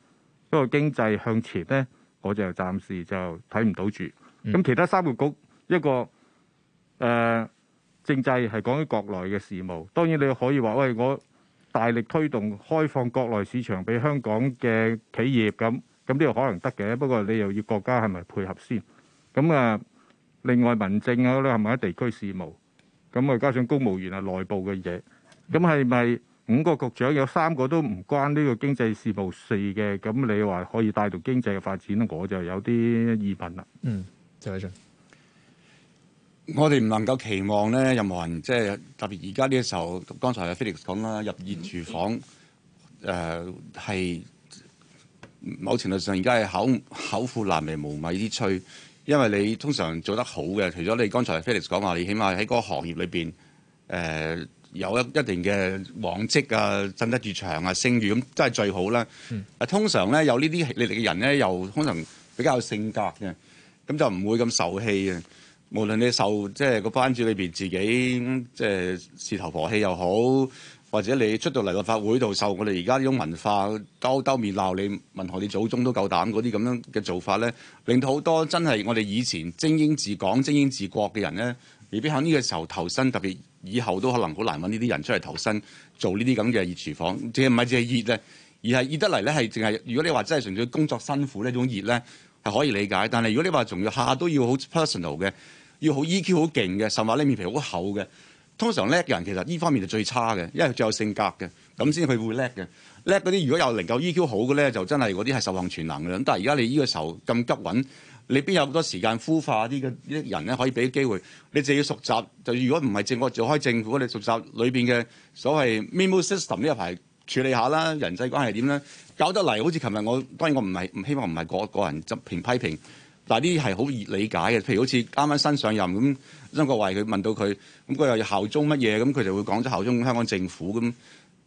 個經濟向前呢？我就暫時就睇唔到住。咁其他三個局，一個誒政制係講於國內嘅事務。當然你可以話：喂，我大力推動開放國內市場俾香港嘅企業咁。咁呢個可能得嘅，不過你又要國家係咪配合先？咁啊，另外民政嗰啲係咪喺地區事務？咁啊，加上公務員係內部嘅嘢，咁係咪？五個局長有三個都唔關呢個經濟事務的事嘅，咁你話可以帶動經濟嘅發展，我就有啲疑問啦。嗯，謝偉俊，我哋唔能夠期望咧任何人，即係特別而家呢個時候，剛才阿菲力講啦，入熱廚房，誒、呃、係某程度上而家係口口巧婦難為無米之炊，因為你通常做得好嘅，除咗你剛才菲力講話，你起碼喺嗰個行業裏邊，誒、呃。有一一定嘅往績啊，振得住場啊，聲譽咁真係最好啦。啊、嗯，通常咧有歷歷呢啲你哋嘅人咧，又可能比較有性格嘅，咁就唔會咁受氣嘅。無論你受即係個班主裏邊自己即係、嗯就事頭婆氣又好，或者你出到嚟立法會度受我哋而家呢種文化兜兜面鬧你，問候你祖宗都夠膽嗰啲咁樣嘅做法咧，令到好多真係我哋以前精英治港、精英治國嘅人咧，未必喺呢個時候投身特別。以後都可能好難揾呢啲人出嚟投身做呢啲咁嘅熱廚房，即係唔係淨係熱咧，而係熱得嚟咧係淨係。如果你話真係純粹工作辛苦呢種熱咧係可以理解。但係如果你話仲要下下都要好 personal 嘅，要好 EQ 好勁嘅，甚至呢面皮好厚嘅，通常叻嘅人其實呢方面係最差嘅，因為佢最有性格嘅，咁先至佢會叻嘅。叻嗰啲如果有能夠 EQ 好嘅咧，就真係嗰啲係受恆全能嘅。但係而家你呢個時候咁急揾。你邊有咁多時間孵化啲嘅啲人咧？可以俾機會，你就要熟習。就如果唔係政府，做開政府。你熟習裏邊嘅所謂 memo system 呢一排處理下啦，人際關係點咧？搞得嚟好似琴日，我當然我唔係唔希望唔係個個人執評批評，但係呢啲係好易理解嘅。譬如好似啱啱新上任咁，曾國衛，佢問到佢，咁佢又要效忠乜嘢？咁佢就會講咗效忠香港政府咁。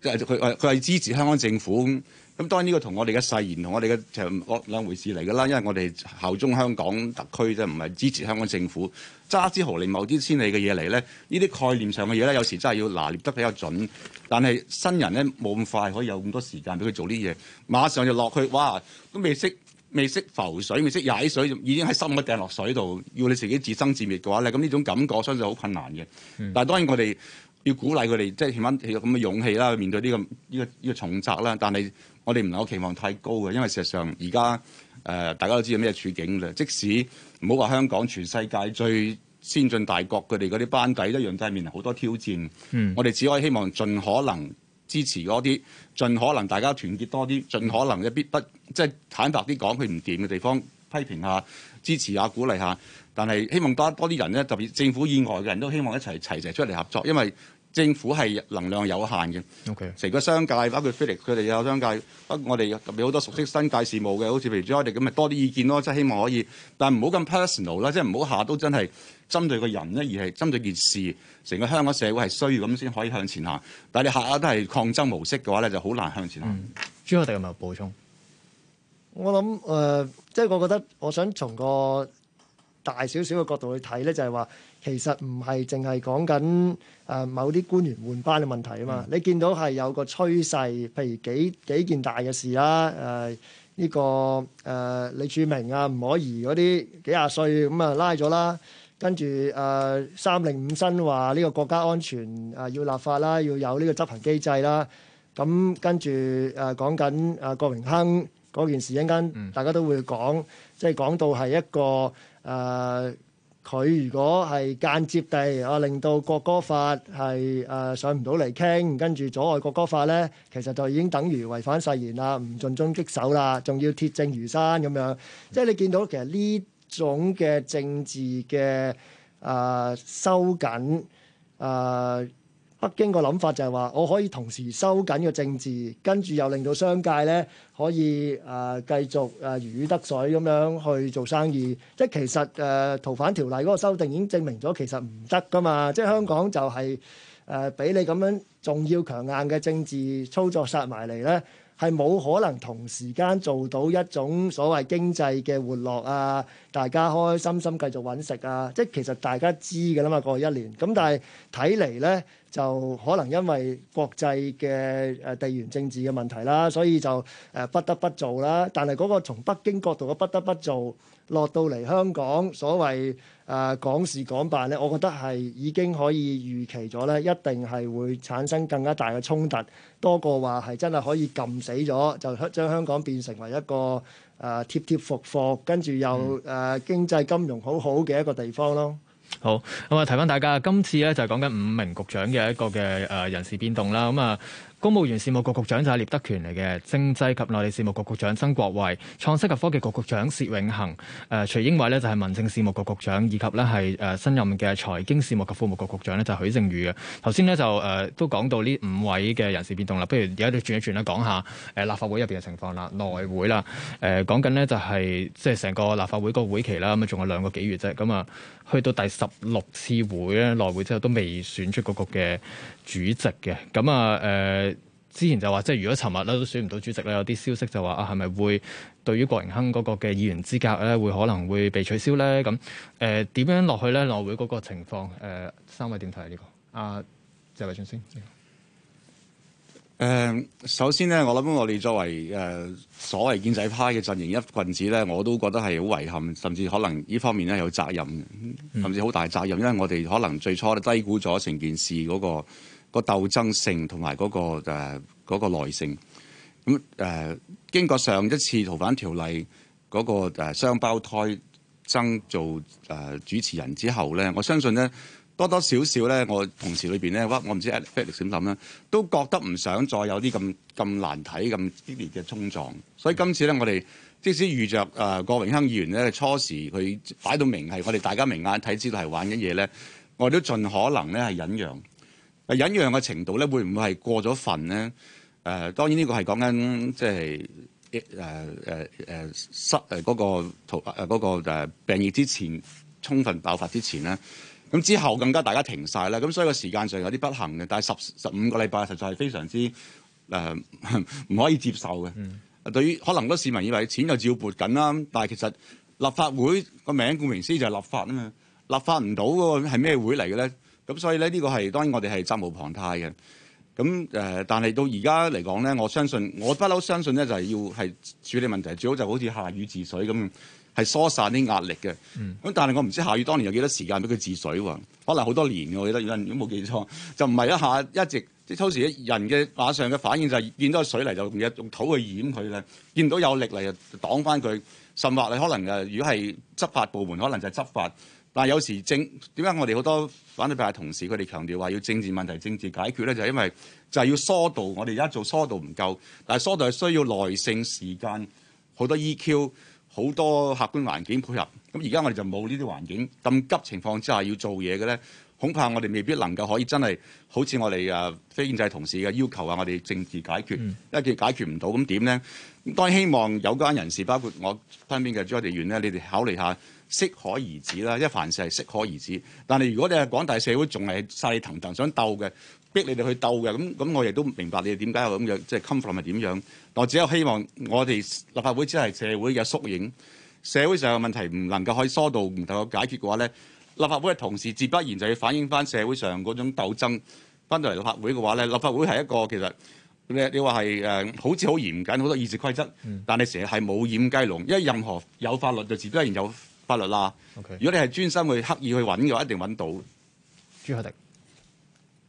即係佢佢係支持香港政府咁，咁當然呢個同我哋嘅誓言同我哋嘅就兩回事嚟㗎啦。因為我哋效忠香港特區啫，唔係支持香港政府，差之毫釐、謬之千里嘅嘢嚟咧。呢啲概念上嘅嘢咧，有時真係要拿捏得比較準。但係新人咧，冇咁快可以有咁多時間俾佢做啲嘢，馬上就落去，哇！都未識未識浮水、未識踩水，已經喺心嘅掟落水度，要你自己自生自滅嘅話咧，咁呢種感覺相信好困難嘅。嗯、但係當然我哋。要鼓勵佢哋，即係起翻起有咁嘅勇氣啦，面對呢個呢個呢個重責啦。但係我哋唔能夠期望太高嘅，因為事實上而家誒大家都知道咩處境啦。即使唔好話香港，全世界最先進大國，佢哋嗰啲班底一樣都係面臨好多挑戰。嗯，我哋只可以希望盡可能支持嗰啲，盡可能大家團結多啲，盡可能一必不即係坦白啲講，佢唔掂嘅地方批評下，支持下，鼓勵下。但係希望多多啲人咧，特別政府以外嘅人都希望一齊齊齊出嚟合作，因為政府係能量有限嘅。OK，成個商界包括 Philip 佢哋有商界，不過我哋特別好多熟悉新界事務嘅，好似譬如朱凱廸咁，咪多啲意見咯。即係希望可以，但係唔好咁 personal 啦，即係唔好下都真係針對個人咧，而係針對件事。成個香港社會係需要咁先可以向前行。但係你下下都係抗爭模式嘅話咧，就好難向前行。朱凱廸有冇補充？我諗誒，即、呃、係、就是、我覺得我想從個大少少嘅角度去睇呢，就係、是、話其實唔係淨係講緊誒某啲官員換班嘅問題啊嘛，嗯、你見到係有個趨勢，譬如幾幾件大嘅事啦，誒、呃、呢、這個誒、呃、李柱明啊，吳靄儀嗰啲幾廿歲咁啊拉咗啦，跟住誒三令五申話呢個國家安全誒、呃、要立法啦，要有呢個執行機制啦，咁跟住誒講緊啊郭榮鏗嗰、那個、件事，一間大家都會講，嗯、即係講到係一個。誒，佢、uh, 如果係間接地啊，令到國歌法係誒、啊、上唔到嚟傾，跟住阻礙國歌法呢，其實就已經等於違反誓言啦，唔盡忠職守啦，仲要鐵證如山咁樣。即係你見到其實呢種嘅政治嘅誒、啊、收緊誒。啊北京個諗法就係話，我可以同時收緊個政治，跟住又令到商界呢可以誒繼、呃、續誒如魚得水咁樣去做生意。即係其實誒、呃、逃犯條例嗰個修訂已經證明咗，其實唔得㗎嘛。即係香港就係誒俾你咁樣仲要強硬嘅政治操作殺埋嚟呢，係冇可能同時間做到一種所謂經濟嘅活絡啊，大家開開心心繼續揾食啊。即係其實大家知㗎啦嘛，過去一年咁，但係睇嚟呢。就可能因為國際嘅誒地緣政治嘅問題啦，所以就誒不得不做啦。但係嗰個從北京角度嘅不得不做，落到嚟香港所謂誒港事港辦呢，我覺得係已經可以預期咗呢一定係會產生更加大嘅衝突，多過話係真係可以撳死咗，就將香港變成為一個誒貼貼服服，跟住又誒經濟金融好好嘅一個地方咯。好，咁啊，提翻大家，今次咧就係講緊五名局長嘅一個嘅誒人事變動啦，咁、嗯、啊。公務員事務局局長就係聶德權嚟嘅，政制及內地事務局局長曾國衛，創新及科技局局長薛永恆，誒、呃、徐英偉呢，就係、是、民政事務局局長，以及呢係誒、呃、新任嘅財經事務及庫務局局長呢，就係、是、許正宇嘅。頭先呢，就誒、呃、都講到呢五位嘅人事變動啦，不如而家都轉一轉啦，講下誒、呃、立法會入邊嘅情況啦，內會啦，誒講緊呢，就係即係成個立法會個會期啦，咁啊仲有兩個幾月啫，咁、嗯、啊去到第十六次會咧內會之後都未選出局個嘅。主席嘅咁啊，誒、呃、之前就話即係如果尋日咧都選唔到主席咧，有啲消息就話啊，係咪會對於郭榮鏗嗰個嘅議員資格咧，會可能會被取消咧？咁誒點樣落去咧？內會嗰個情況誒、呃，三位點睇呢個？阿、啊、謝偉俊先。誒、這個呃，首先呢，我諗我哋作為誒、呃、所謂建制派嘅陣營一份子咧，我都覺得係好遺憾，甚至可能呢方面咧有責任，甚至好大責任，因為我哋可能最初低估咗成件事嗰個。個鬥爭性同埋嗰個誒耐性，咁、呃、誒經過上一次逃犯條例嗰、那個誒、呃、雙胞胎爭做誒、呃、主持人之後咧，我相信咧多多少少咧，我同事裏邊咧，我我唔知 Felix 點諗咧，都覺得唔想再有啲咁咁難睇、咁激烈嘅衝撞，所以今次咧，我哋即使遇着誒、呃、郭榮鏗議員咧，初時佢擺到明係，我哋大家明眼睇知道係玩緊嘢咧，我都盡可能咧係忍讓。隱揚嘅程度咧，會唔會係過咗份咧？誒，當然呢個係講緊即係誒誒誒失誒嗰個逃誒嗰個病疫之前充分爆發之前咧，咁之後更加大家停晒啦，咁所以個時間上有啲不幸嘅。但係十十五個禮拜實在係非常之誒唔可以接受嘅。對於可能好多市民以為錢就照撥緊啦，Aaron 但係其實立法會個名顧名思義就係立法啊嘛，立法唔到個係咩會嚟嘅咧？咁所以咧，呢、這個係當然我哋係責無旁貸嘅。咁誒、呃，但係到而家嚟講咧，我相信我不嬲相信咧，就係要係處理問題最好就好似夏禹治水咁，係疏散啲壓力嘅。咁、嗯、但係我唔知夏禹當年有幾多時間俾佢治水喎？可能好多年嘅，我記得如果冇記錯，就唔係一下一直。即係當時人嘅馬上嘅反應就係見到水嚟就用土去掩佢啦。見到有力嚟就擋翻佢，甚或你可能誒，如果係執法部門，可能就係執法。但係有時政點解我哋好多反對派同事佢哋強調話要政治問題政治解決咧？就係因為就係要疏導，我哋而家做疏導唔夠。但係疏導係需要耐性、時間、好多 EQ、好多客觀環境配合。咁而家我哋就冇呢啲環境，咁急情況之下要做嘢嘅咧，恐怕我哋未必能夠可以真係好似我哋誒非建制同事嘅要求啊！我哋政治解決，一件解決唔到咁點咧？咁當然希望有關人士，包括我身邊嘅張地員咧，你哋考慮下。適可而止啦，一凡事係適可而止。但係如果你係廣大社會仲係殺氣騰騰，想鬥嘅，逼你哋去鬥嘅，咁咁，我亦都唔明白你哋點解有咁樣、就是、樣，即係 comfort 係點樣。我只有希望我哋立法會只係社會嘅縮影，社會上嘅問題唔能夠可以疏導，唔能夠解決嘅話咧，立法會嘅同時，自不然就要反映翻社會上嗰種鬥爭。翻到嚟立法會嘅話咧，立法會係一個其實你你話係誒，好似好嚴謹，好多議事規則，但係成日係冇掩雞籠，因為任何有法律就自不然有。法律啦，Okay. 如果你係專心去刻意去揾嘅話，一定揾到。朱凱廸，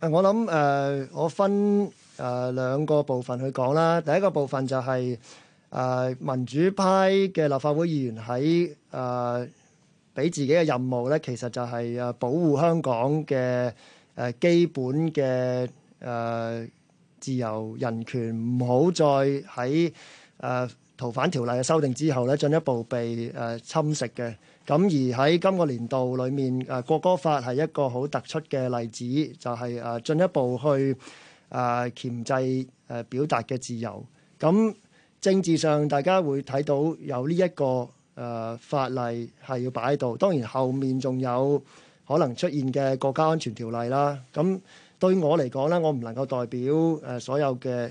誒我諗誒、呃，我分誒、呃、兩個部分去講啦。第一個部分就係、是、誒、呃、民主派嘅立法會議員喺誒俾自己嘅任務咧，其實就係誒保護香港嘅誒、呃、基本嘅誒、呃、自由人權，唔好再喺誒、呃逃犯條例嘅修訂之後呢進一步被誒侵蝕嘅。咁而喺今個年，年度裏面，誒國歌法係一個好突出嘅例子，就係、是、誒進一步去誒鉗制誒表達嘅自由。咁、啊、政治上，大家會睇到有呢、這、一個誒、啊、法例係要擺喺度。當然，後面仲有可能出現嘅國家安全條例啦。咁、啊、對我嚟講呢我唔能夠代表誒所有嘅。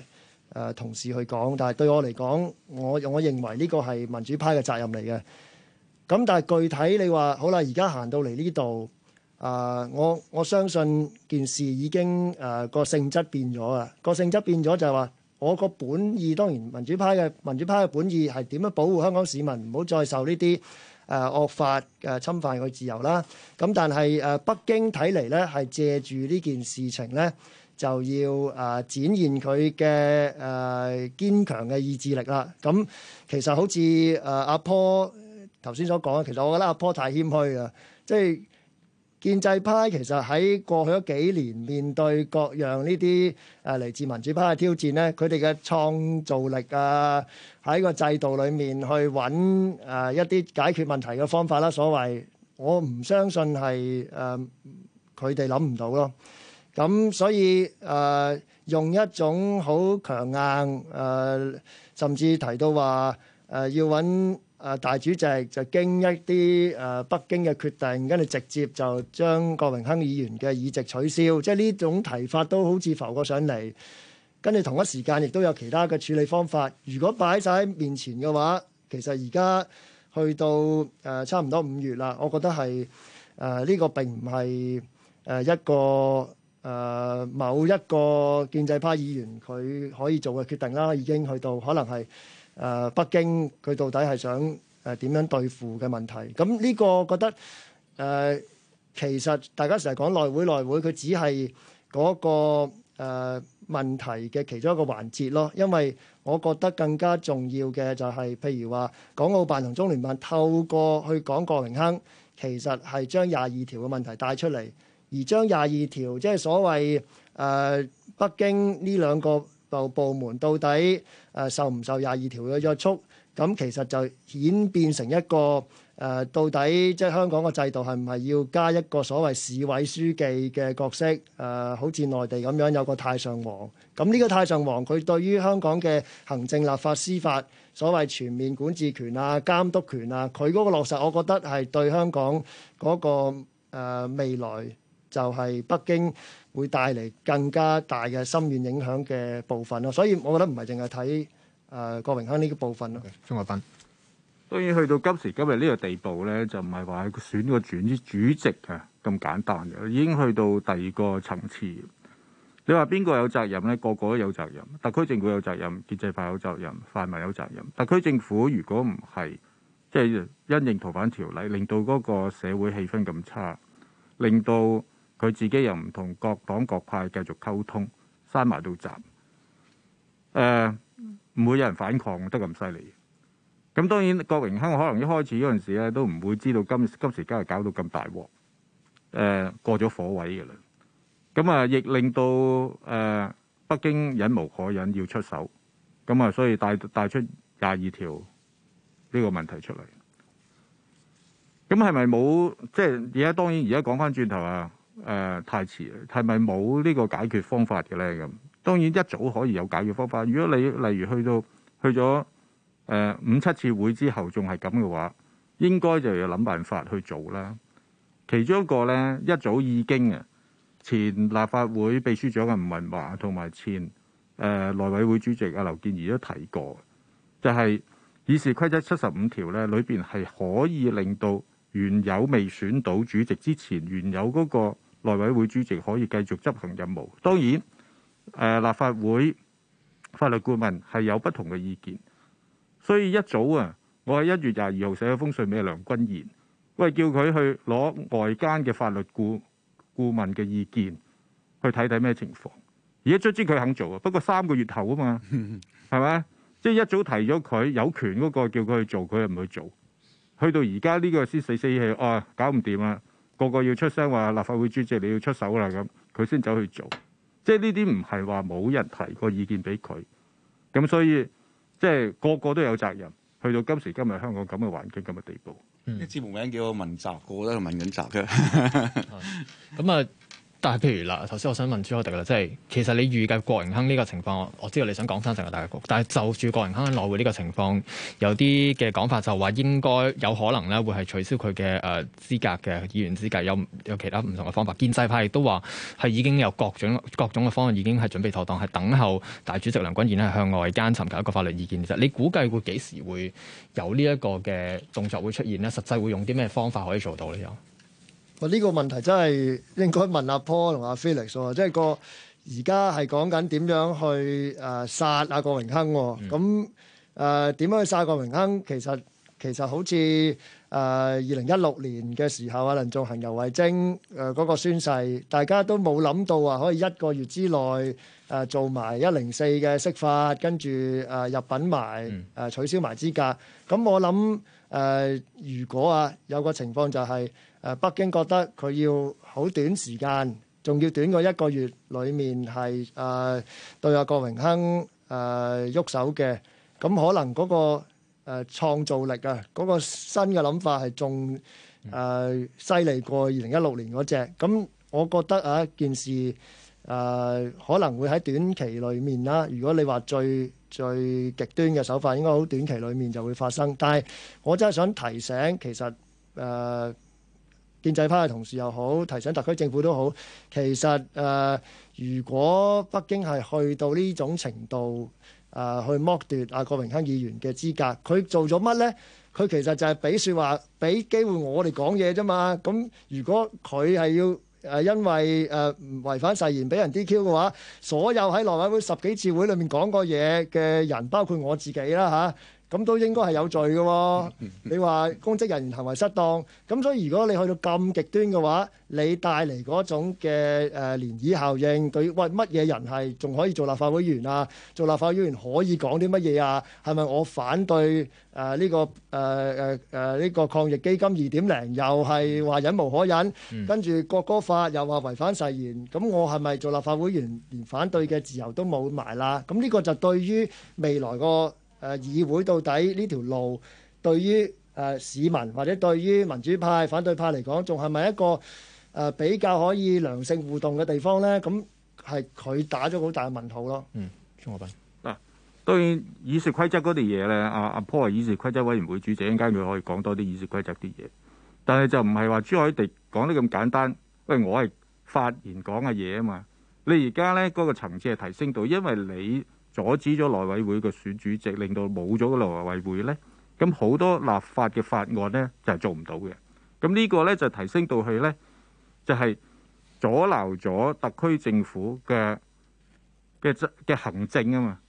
誒同事去講，但係對我嚟講，我我認為呢個係民主派嘅責任嚟嘅。咁但係具體你話好啦，而家行到嚟呢度，啊、呃，我我相信件事已經誒個、呃、性質變咗喇，個性質變咗就係話我個本意當然民主派嘅民主派嘅本意係點樣保護香港市民唔好再受呢啲誒惡法嘅、呃、侵犯佢自由啦。咁但係誒、呃、北京睇嚟呢係借住呢件事情呢。就要誒、呃、展現佢嘅誒堅強嘅意志力啦。咁其實好似誒、呃、阿波頭先所講，其實我覺得阿波太謙虛啊。即、就、係、是、建制派其實喺過去咗幾年面對各樣呢啲誒嚟自民主派嘅挑戰咧，佢哋嘅創造力啊，喺個制度裏面去揾誒、呃、一啲解決問題嘅方法啦、啊。所謂我唔相信係誒佢哋諗唔到咯。咁所以誒、呃、用一種好強硬誒、呃、甚至提到話誒、呃、要揾誒大主席就經一啲誒、呃、北京嘅決定，跟住直接就將郭榮鏗議員嘅議席取消，即係呢種提法都好似浮過上嚟。跟住同一時間亦都有其他嘅處理方法。如果擺晒喺面前嘅話，其實而家去到誒、呃、差唔多五月啦，我覺得係誒呢個並唔係誒一個。誒、呃、某一個建制派議員佢可以做嘅決定啦，已經去到可能係誒、呃、北京佢到底係想誒點、呃、樣對付嘅問題。咁呢個覺得誒、呃、其實大家成日講內會內會，佢只係嗰、那個誒、呃、問題嘅其中一個環節咯。因為我覺得更加重要嘅就係、是、譬如話港澳辦同中聯辦透過去講郭榮鏗，其實係將廿二條嘅問題帶出嚟。而將廿二條即係所謂誒、呃、北京呢兩個部部門到底誒、呃、受唔受廿二條嘅約束？咁其實就演變成一個誒、呃，到底即係香港嘅制度係唔係要加一個所謂市委書記嘅角色？誒、呃，好似內地咁樣有個太上皇。咁呢個太上皇佢對於香港嘅行政、立法、司法所謂全面管治權啊、監督權啊，佢嗰個落實，我覺得係對香港嗰、嗰個、呃、未來。就係北京會帶嚟更加大嘅深遠影響嘅部分咯，所以我覺得唔係淨係睇誒郭榮鏗呢個部分咯。鍾國斌當然去到今時今日呢個地步呢，就唔係話選個主啲主席嘅、啊、咁簡單嘅，已經去到第二個層次。你話邊個有責任呢？個個都有責任。特區政府有責任，建制派有責任，泛民有責任。特區政府如果唔係即係因應逃犯條例，令到嗰個社會氣氛咁差，令到。佢自己又唔同各黨各派繼續溝通，閂埋到閘，誒、呃、唔會有人反抗得咁犀利。咁當然郭榮鏗可能一開始嗰陣時咧都唔會知道今今時今日搞到咁大鑊，誒、呃、過咗火位嘅啦。咁啊亦令到誒、呃、北京忍無可忍要出手，咁啊所以帶帶出廿二條呢個問題出嚟。咁係咪冇即係而家當然而家講返轉頭啊？誒、呃、太遲，係咪冇呢個解決方法嘅咧？咁當然一早可以有解決方法。如果你例如去到去咗誒、呃、五七次會之後仲係咁嘅話，應該就要諗辦法去做啦。其中一個咧一早已經啊，前立法會秘書長嘅吳文華同埋前誒、呃、內委會主席啊劉健儀都提過，就係議事規則七十五條咧，裏邊係可以令到原有未選到主席之前，原有嗰、那個。內委會主席可以繼續執行任務。當然，誒、呃、立法會法律顧問係有不同嘅意見，所以一早啊，我喺一月廿二號寫咗封信俾梁君彥，喂，叫佢去攞外間嘅法律顧顧問嘅意見去睇睇咩情況。而家卒之佢肯做啊，不過三個月後啊嘛，係咪？ 即係一早提咗佢有權嗰個，叫佢去做，佢又唔去做。去到而家呢個先死死氣，啊搞唔掂啊。個個要出聲，話立法會主席你要出手啦，咁，佢先走去做，即係呢啲唔係話冇人提過意見俾佢，咁所以即係個個都有責任，去到今時今日香港咁嘅環境咁嘅地步。啲節目名叫做問責，個個都問緊責啫。咁啊～但係，譬如嗱，頭先我想問朱凱廸啦，即係其實你預計郭榮鏗呢個情況，我知道你想講翻成個大局。但係就住郭榮鏗內會呢個情況，有啲嘅講法就話應該有可能咧，會係取消佢嘅誒資格嘅議員資格有，有有其他唔同嘅方法。建制派亦都話係已經有各種各種嘅方案，已經係準備妥當，係等候大主席梁君彥咧，向外間尋求一個法律意見。其實你估計會幾時會有呢一個嘅動作會出現呢？實際會用啲咩方法可以做到呢？又？呢個問題真係應該問阿 Paul 同阿 Felix，即係個而家係講緊點樣去誒殺阿郭榮鏗咁誒？點、嗯啊、樣去殺郭榮鏗？其實其實好似誒二零一六年嘅時候，阿梁頌恆、游蕙禎誒嗰個宣誓，大家都冇諗到話，可以一個月之內誒、呃、做埋一零四嘅釋法，跟住誒入稟埋誒、啊、取消埋資格。咁、嗯、我諗誒、呃，如果啊有個情況就係、是。誒北京覺得佢要好短時間，仲要短過一個月裏面係誒對阿郭榮鏗誒喐手嘅咁，嗯嗯、可能嗰個誒創造力啊，嗰、嗰個新嘅諗法係仲誒犀利過二零一六年嗰隻咁。嗯、我覺得啊，件事誒、呃、可能會喺短期裏面啦。如果你話最最極端嘅手法，應該好短期裏面就會發生。但係我真係想提醒，其實誒。呃建制派嘅同事又好，提醒特區政府都好。其實誒、呃，如果北京係去到呢種程度誒、呃，去剝奪阿郭榮鏗議員嘅資格，佢做咗乜呢？佢其實就係俾説話，俾機會我哋講嘢啫嘛。咁如果佢係要誒因為誒、呃、違反誓言俾人 DQ 嘅話，所有喺內委會十幾次會裏面講過嘢嘅人，包括我自己啦嚇。咁都應該係有罪嘅喎， 你話公職人員行為失當，咁所以如果你去到咁極端嘅話，你帶嚟嗰種嘅誒、呃、漣漪效應，對於乜嘢人係仲可以做立法會議員啊？做立法會議員可以講啲乜嘢啊？係咪我反對誒呢個誒誒誒呢個抗疫基金二點零又係話忍無可忍，跟住、嗯、國歌法又話違反誓言，咁我係咪做立法會議員連反對嘅自由都冇埋啦？咁呢個就對於未來個。誒議會到底呢條路對於誒、呃、市民或者對於民主派、反對派嚟講，仲係咪一個誒、呃、比較可以良性互動嘅地方呢？咁係佢打咗好大嘅問號咯。嗯，鍾國斌嗱，當然議事規則嗰啲嘢呢，阿阿 Paul 係議事規則委員會主席，一陣間佢可以講多啲議事規則啲嘢。但係就唔係話朱凱廸講得咁簡單。喂，我係發言講嘅嘢啊嘛。你而家呢嗰、那個層次係提升到，因為你。阻止咗內委會嘅選主席，令到冇咗個內委會呢。咁好多立法嘅法案呢，就係做唔到嘅。咁呢個呢，就提升到去呢，就係阻撓咗特區政府嘅嘅嘅行政啊嘛。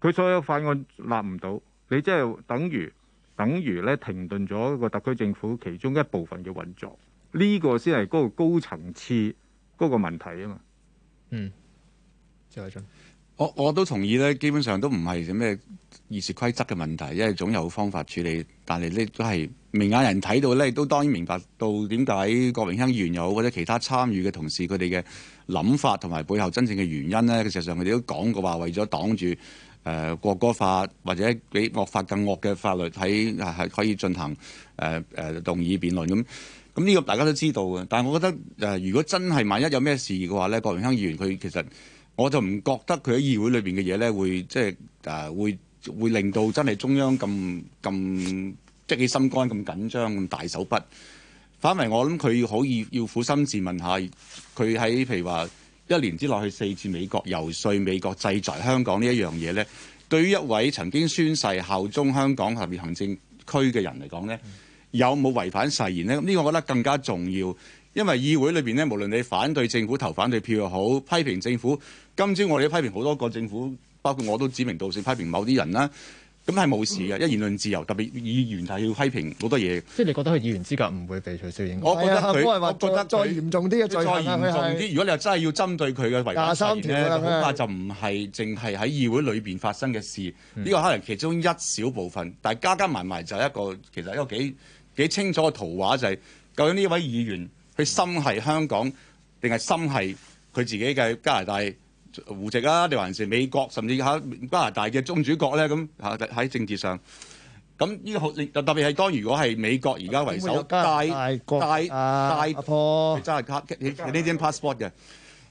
佢所有法案立唔到，你即係等於等於呢，停頓咗個特區政府其中一部分嘅運作。呢、這個先係嗰個高層次嗰個問題啊嘛。嗯，謝偉俊。我我都同意咧，基本上都唔係咩議事規則嘅問題，因為總有方法處理。但係呢都係明眼人睇到咧，都當然明白到點解郭榮鏗議員又好或者其他參與嘅同事佢哋嘅諗法同埋背後真正嘅原因咧。事實上佢哋都講過話，為咗擋住誒、呃、國歌法或者比惡法更惡嘅法律喺係可以進行誒誒、呃、動議辯論咁。咁呢個大家都知道嘅。但係我覺得誒、呃，如果真係萬一有咩事嘅話咧，郭榮鏗議員佢其實我就唔覺得佢喺議會裏邊嘅嘢咧，會即係誒會會令到真係中央咁咁積起心肝咁緊張咁大手筆。反為我諗佢可以要苦心自問下，佢喺譬如話一年之內去四次美國遊説美國制裁香港呢一樣嘢咧，對於一位曾經宣誓效忠香港特別行政區嘅人嚟講呢有冇違反誓言呢？呢、呢個我覺得更加重要。因為議會裏邊咧，無論你反對政府投反對票又好，批評政府，今朝我哋都批評好多個政府，包括我都指名道姓批評某啲人啦。咁係冇事嘅，一、嗯、言論自由，特別議員係要批評好多嘢。即係你覺得佢議員資格唔會被取消影響？我覺得佢，哎、呀他我覺得再，他再嚴重啲嘅，再嚴重啲。是如果你真係要針對佢嘅違法事件咧，恐怕就唔係淨係喺議會裏邊發生嘅事。呢、嗯、個可能其中一小部分，但係加加埋埋就係一個其實一個幾幾清楚嘅圖畫，就係、是、究竟呢位議員。佢心係香港，定係心係佢自己嘅加拿大戶籍啦，定還是美國，甚至喺加拿大嘅宗主國咧？咁喺喺政治上，咁呢個特別係當如果係美國而家為首，大大大破，真係卡嘅呢啲 passport 嘅。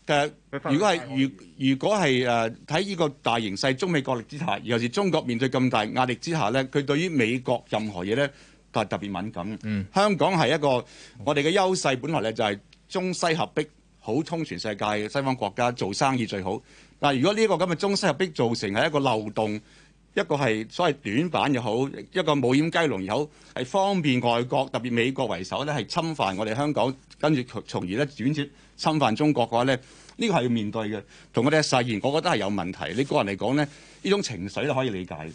但係如果係如如果係誒睇呢個大形勢，中美角力之下，尤其是中國面對咁大壓力之下咧，佢對於美國任何嘢咧。但係特別敏感，嗯、香港係一個我哋嘅優勢，本來咧就係中西合璧，好通全世界嘅西方國家做生意最好。但係如果呢一個咁嘅中西合璧造成係一個漏洞，一個係所謂短板又好，一個冇掩雞籠又好，係方便外國，特別美國為首咧，係侵犯我哋香港，跟住從而咧轉接侵犯中國嘅話咧，呢個係要面對嘅。同我哋嘅誓言，我覺得係有問題。你個人嚟講咧，呢種情緒都可以理解。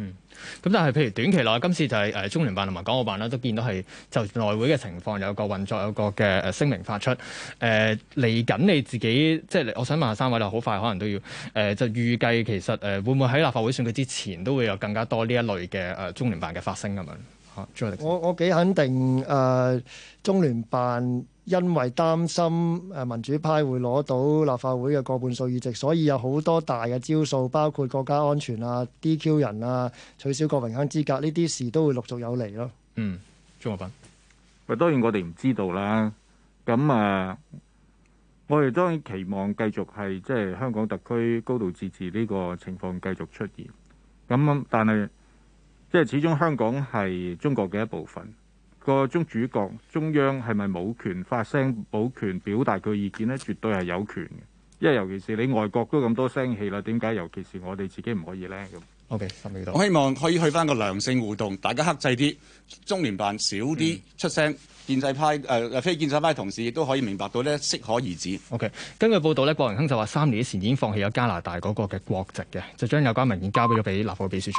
嗯，咁但係譬如短期內，今次就係、是、誒、呃、中聯辦同埋港澳辦啦，都見到係就內會嘅情況有個運作，有個嘅誒聲明發出。誒嚟緊你自己，即係我想問下三位啦，好快可能都要誒、呃、就預計其實誒、呃、會唔會喺立法會選舉之前都會有更加多呢一類嘅誒、呃、中聯辦嘅發聲咁樣嚇？我我幾肯定誒、呃、中聯辦。因為擔心誒民主派會攞到立法會嘅過半數議席，所以有好多大嘅招數，包括國家安全啊、DQ 人啊、取消郭榮鏗資格呢啲事都會陸續有嚟咯。嗯，張學斌，喂，當然我哋唔知道啦。咁啊，我哋當然期望繼續係即係香港特區高度自治呢個情況繼續出現。咁但係即係始終香港係中國嘅一部分。個中主角中央係咪冇權發聲權、冇權表達佢意見呢？絕對係有權嘅，因為尤其是你外國都咁多聲氣啦，點解尤其是我哋自己唔可以呢，咁 OK，十二度。我希望可以去返個良性互動，大家克制啲中聯辦少啲、嗯、出聲，建制派誒、呃、非建制派同事亦都可以明白到呢，適可而止。OK，根據報道呢，郭榮鏗就話三年前已經放棄咗加拿大嗰個嘅國籍嘅，就將有關文件交俾咗俾立法會秘書處。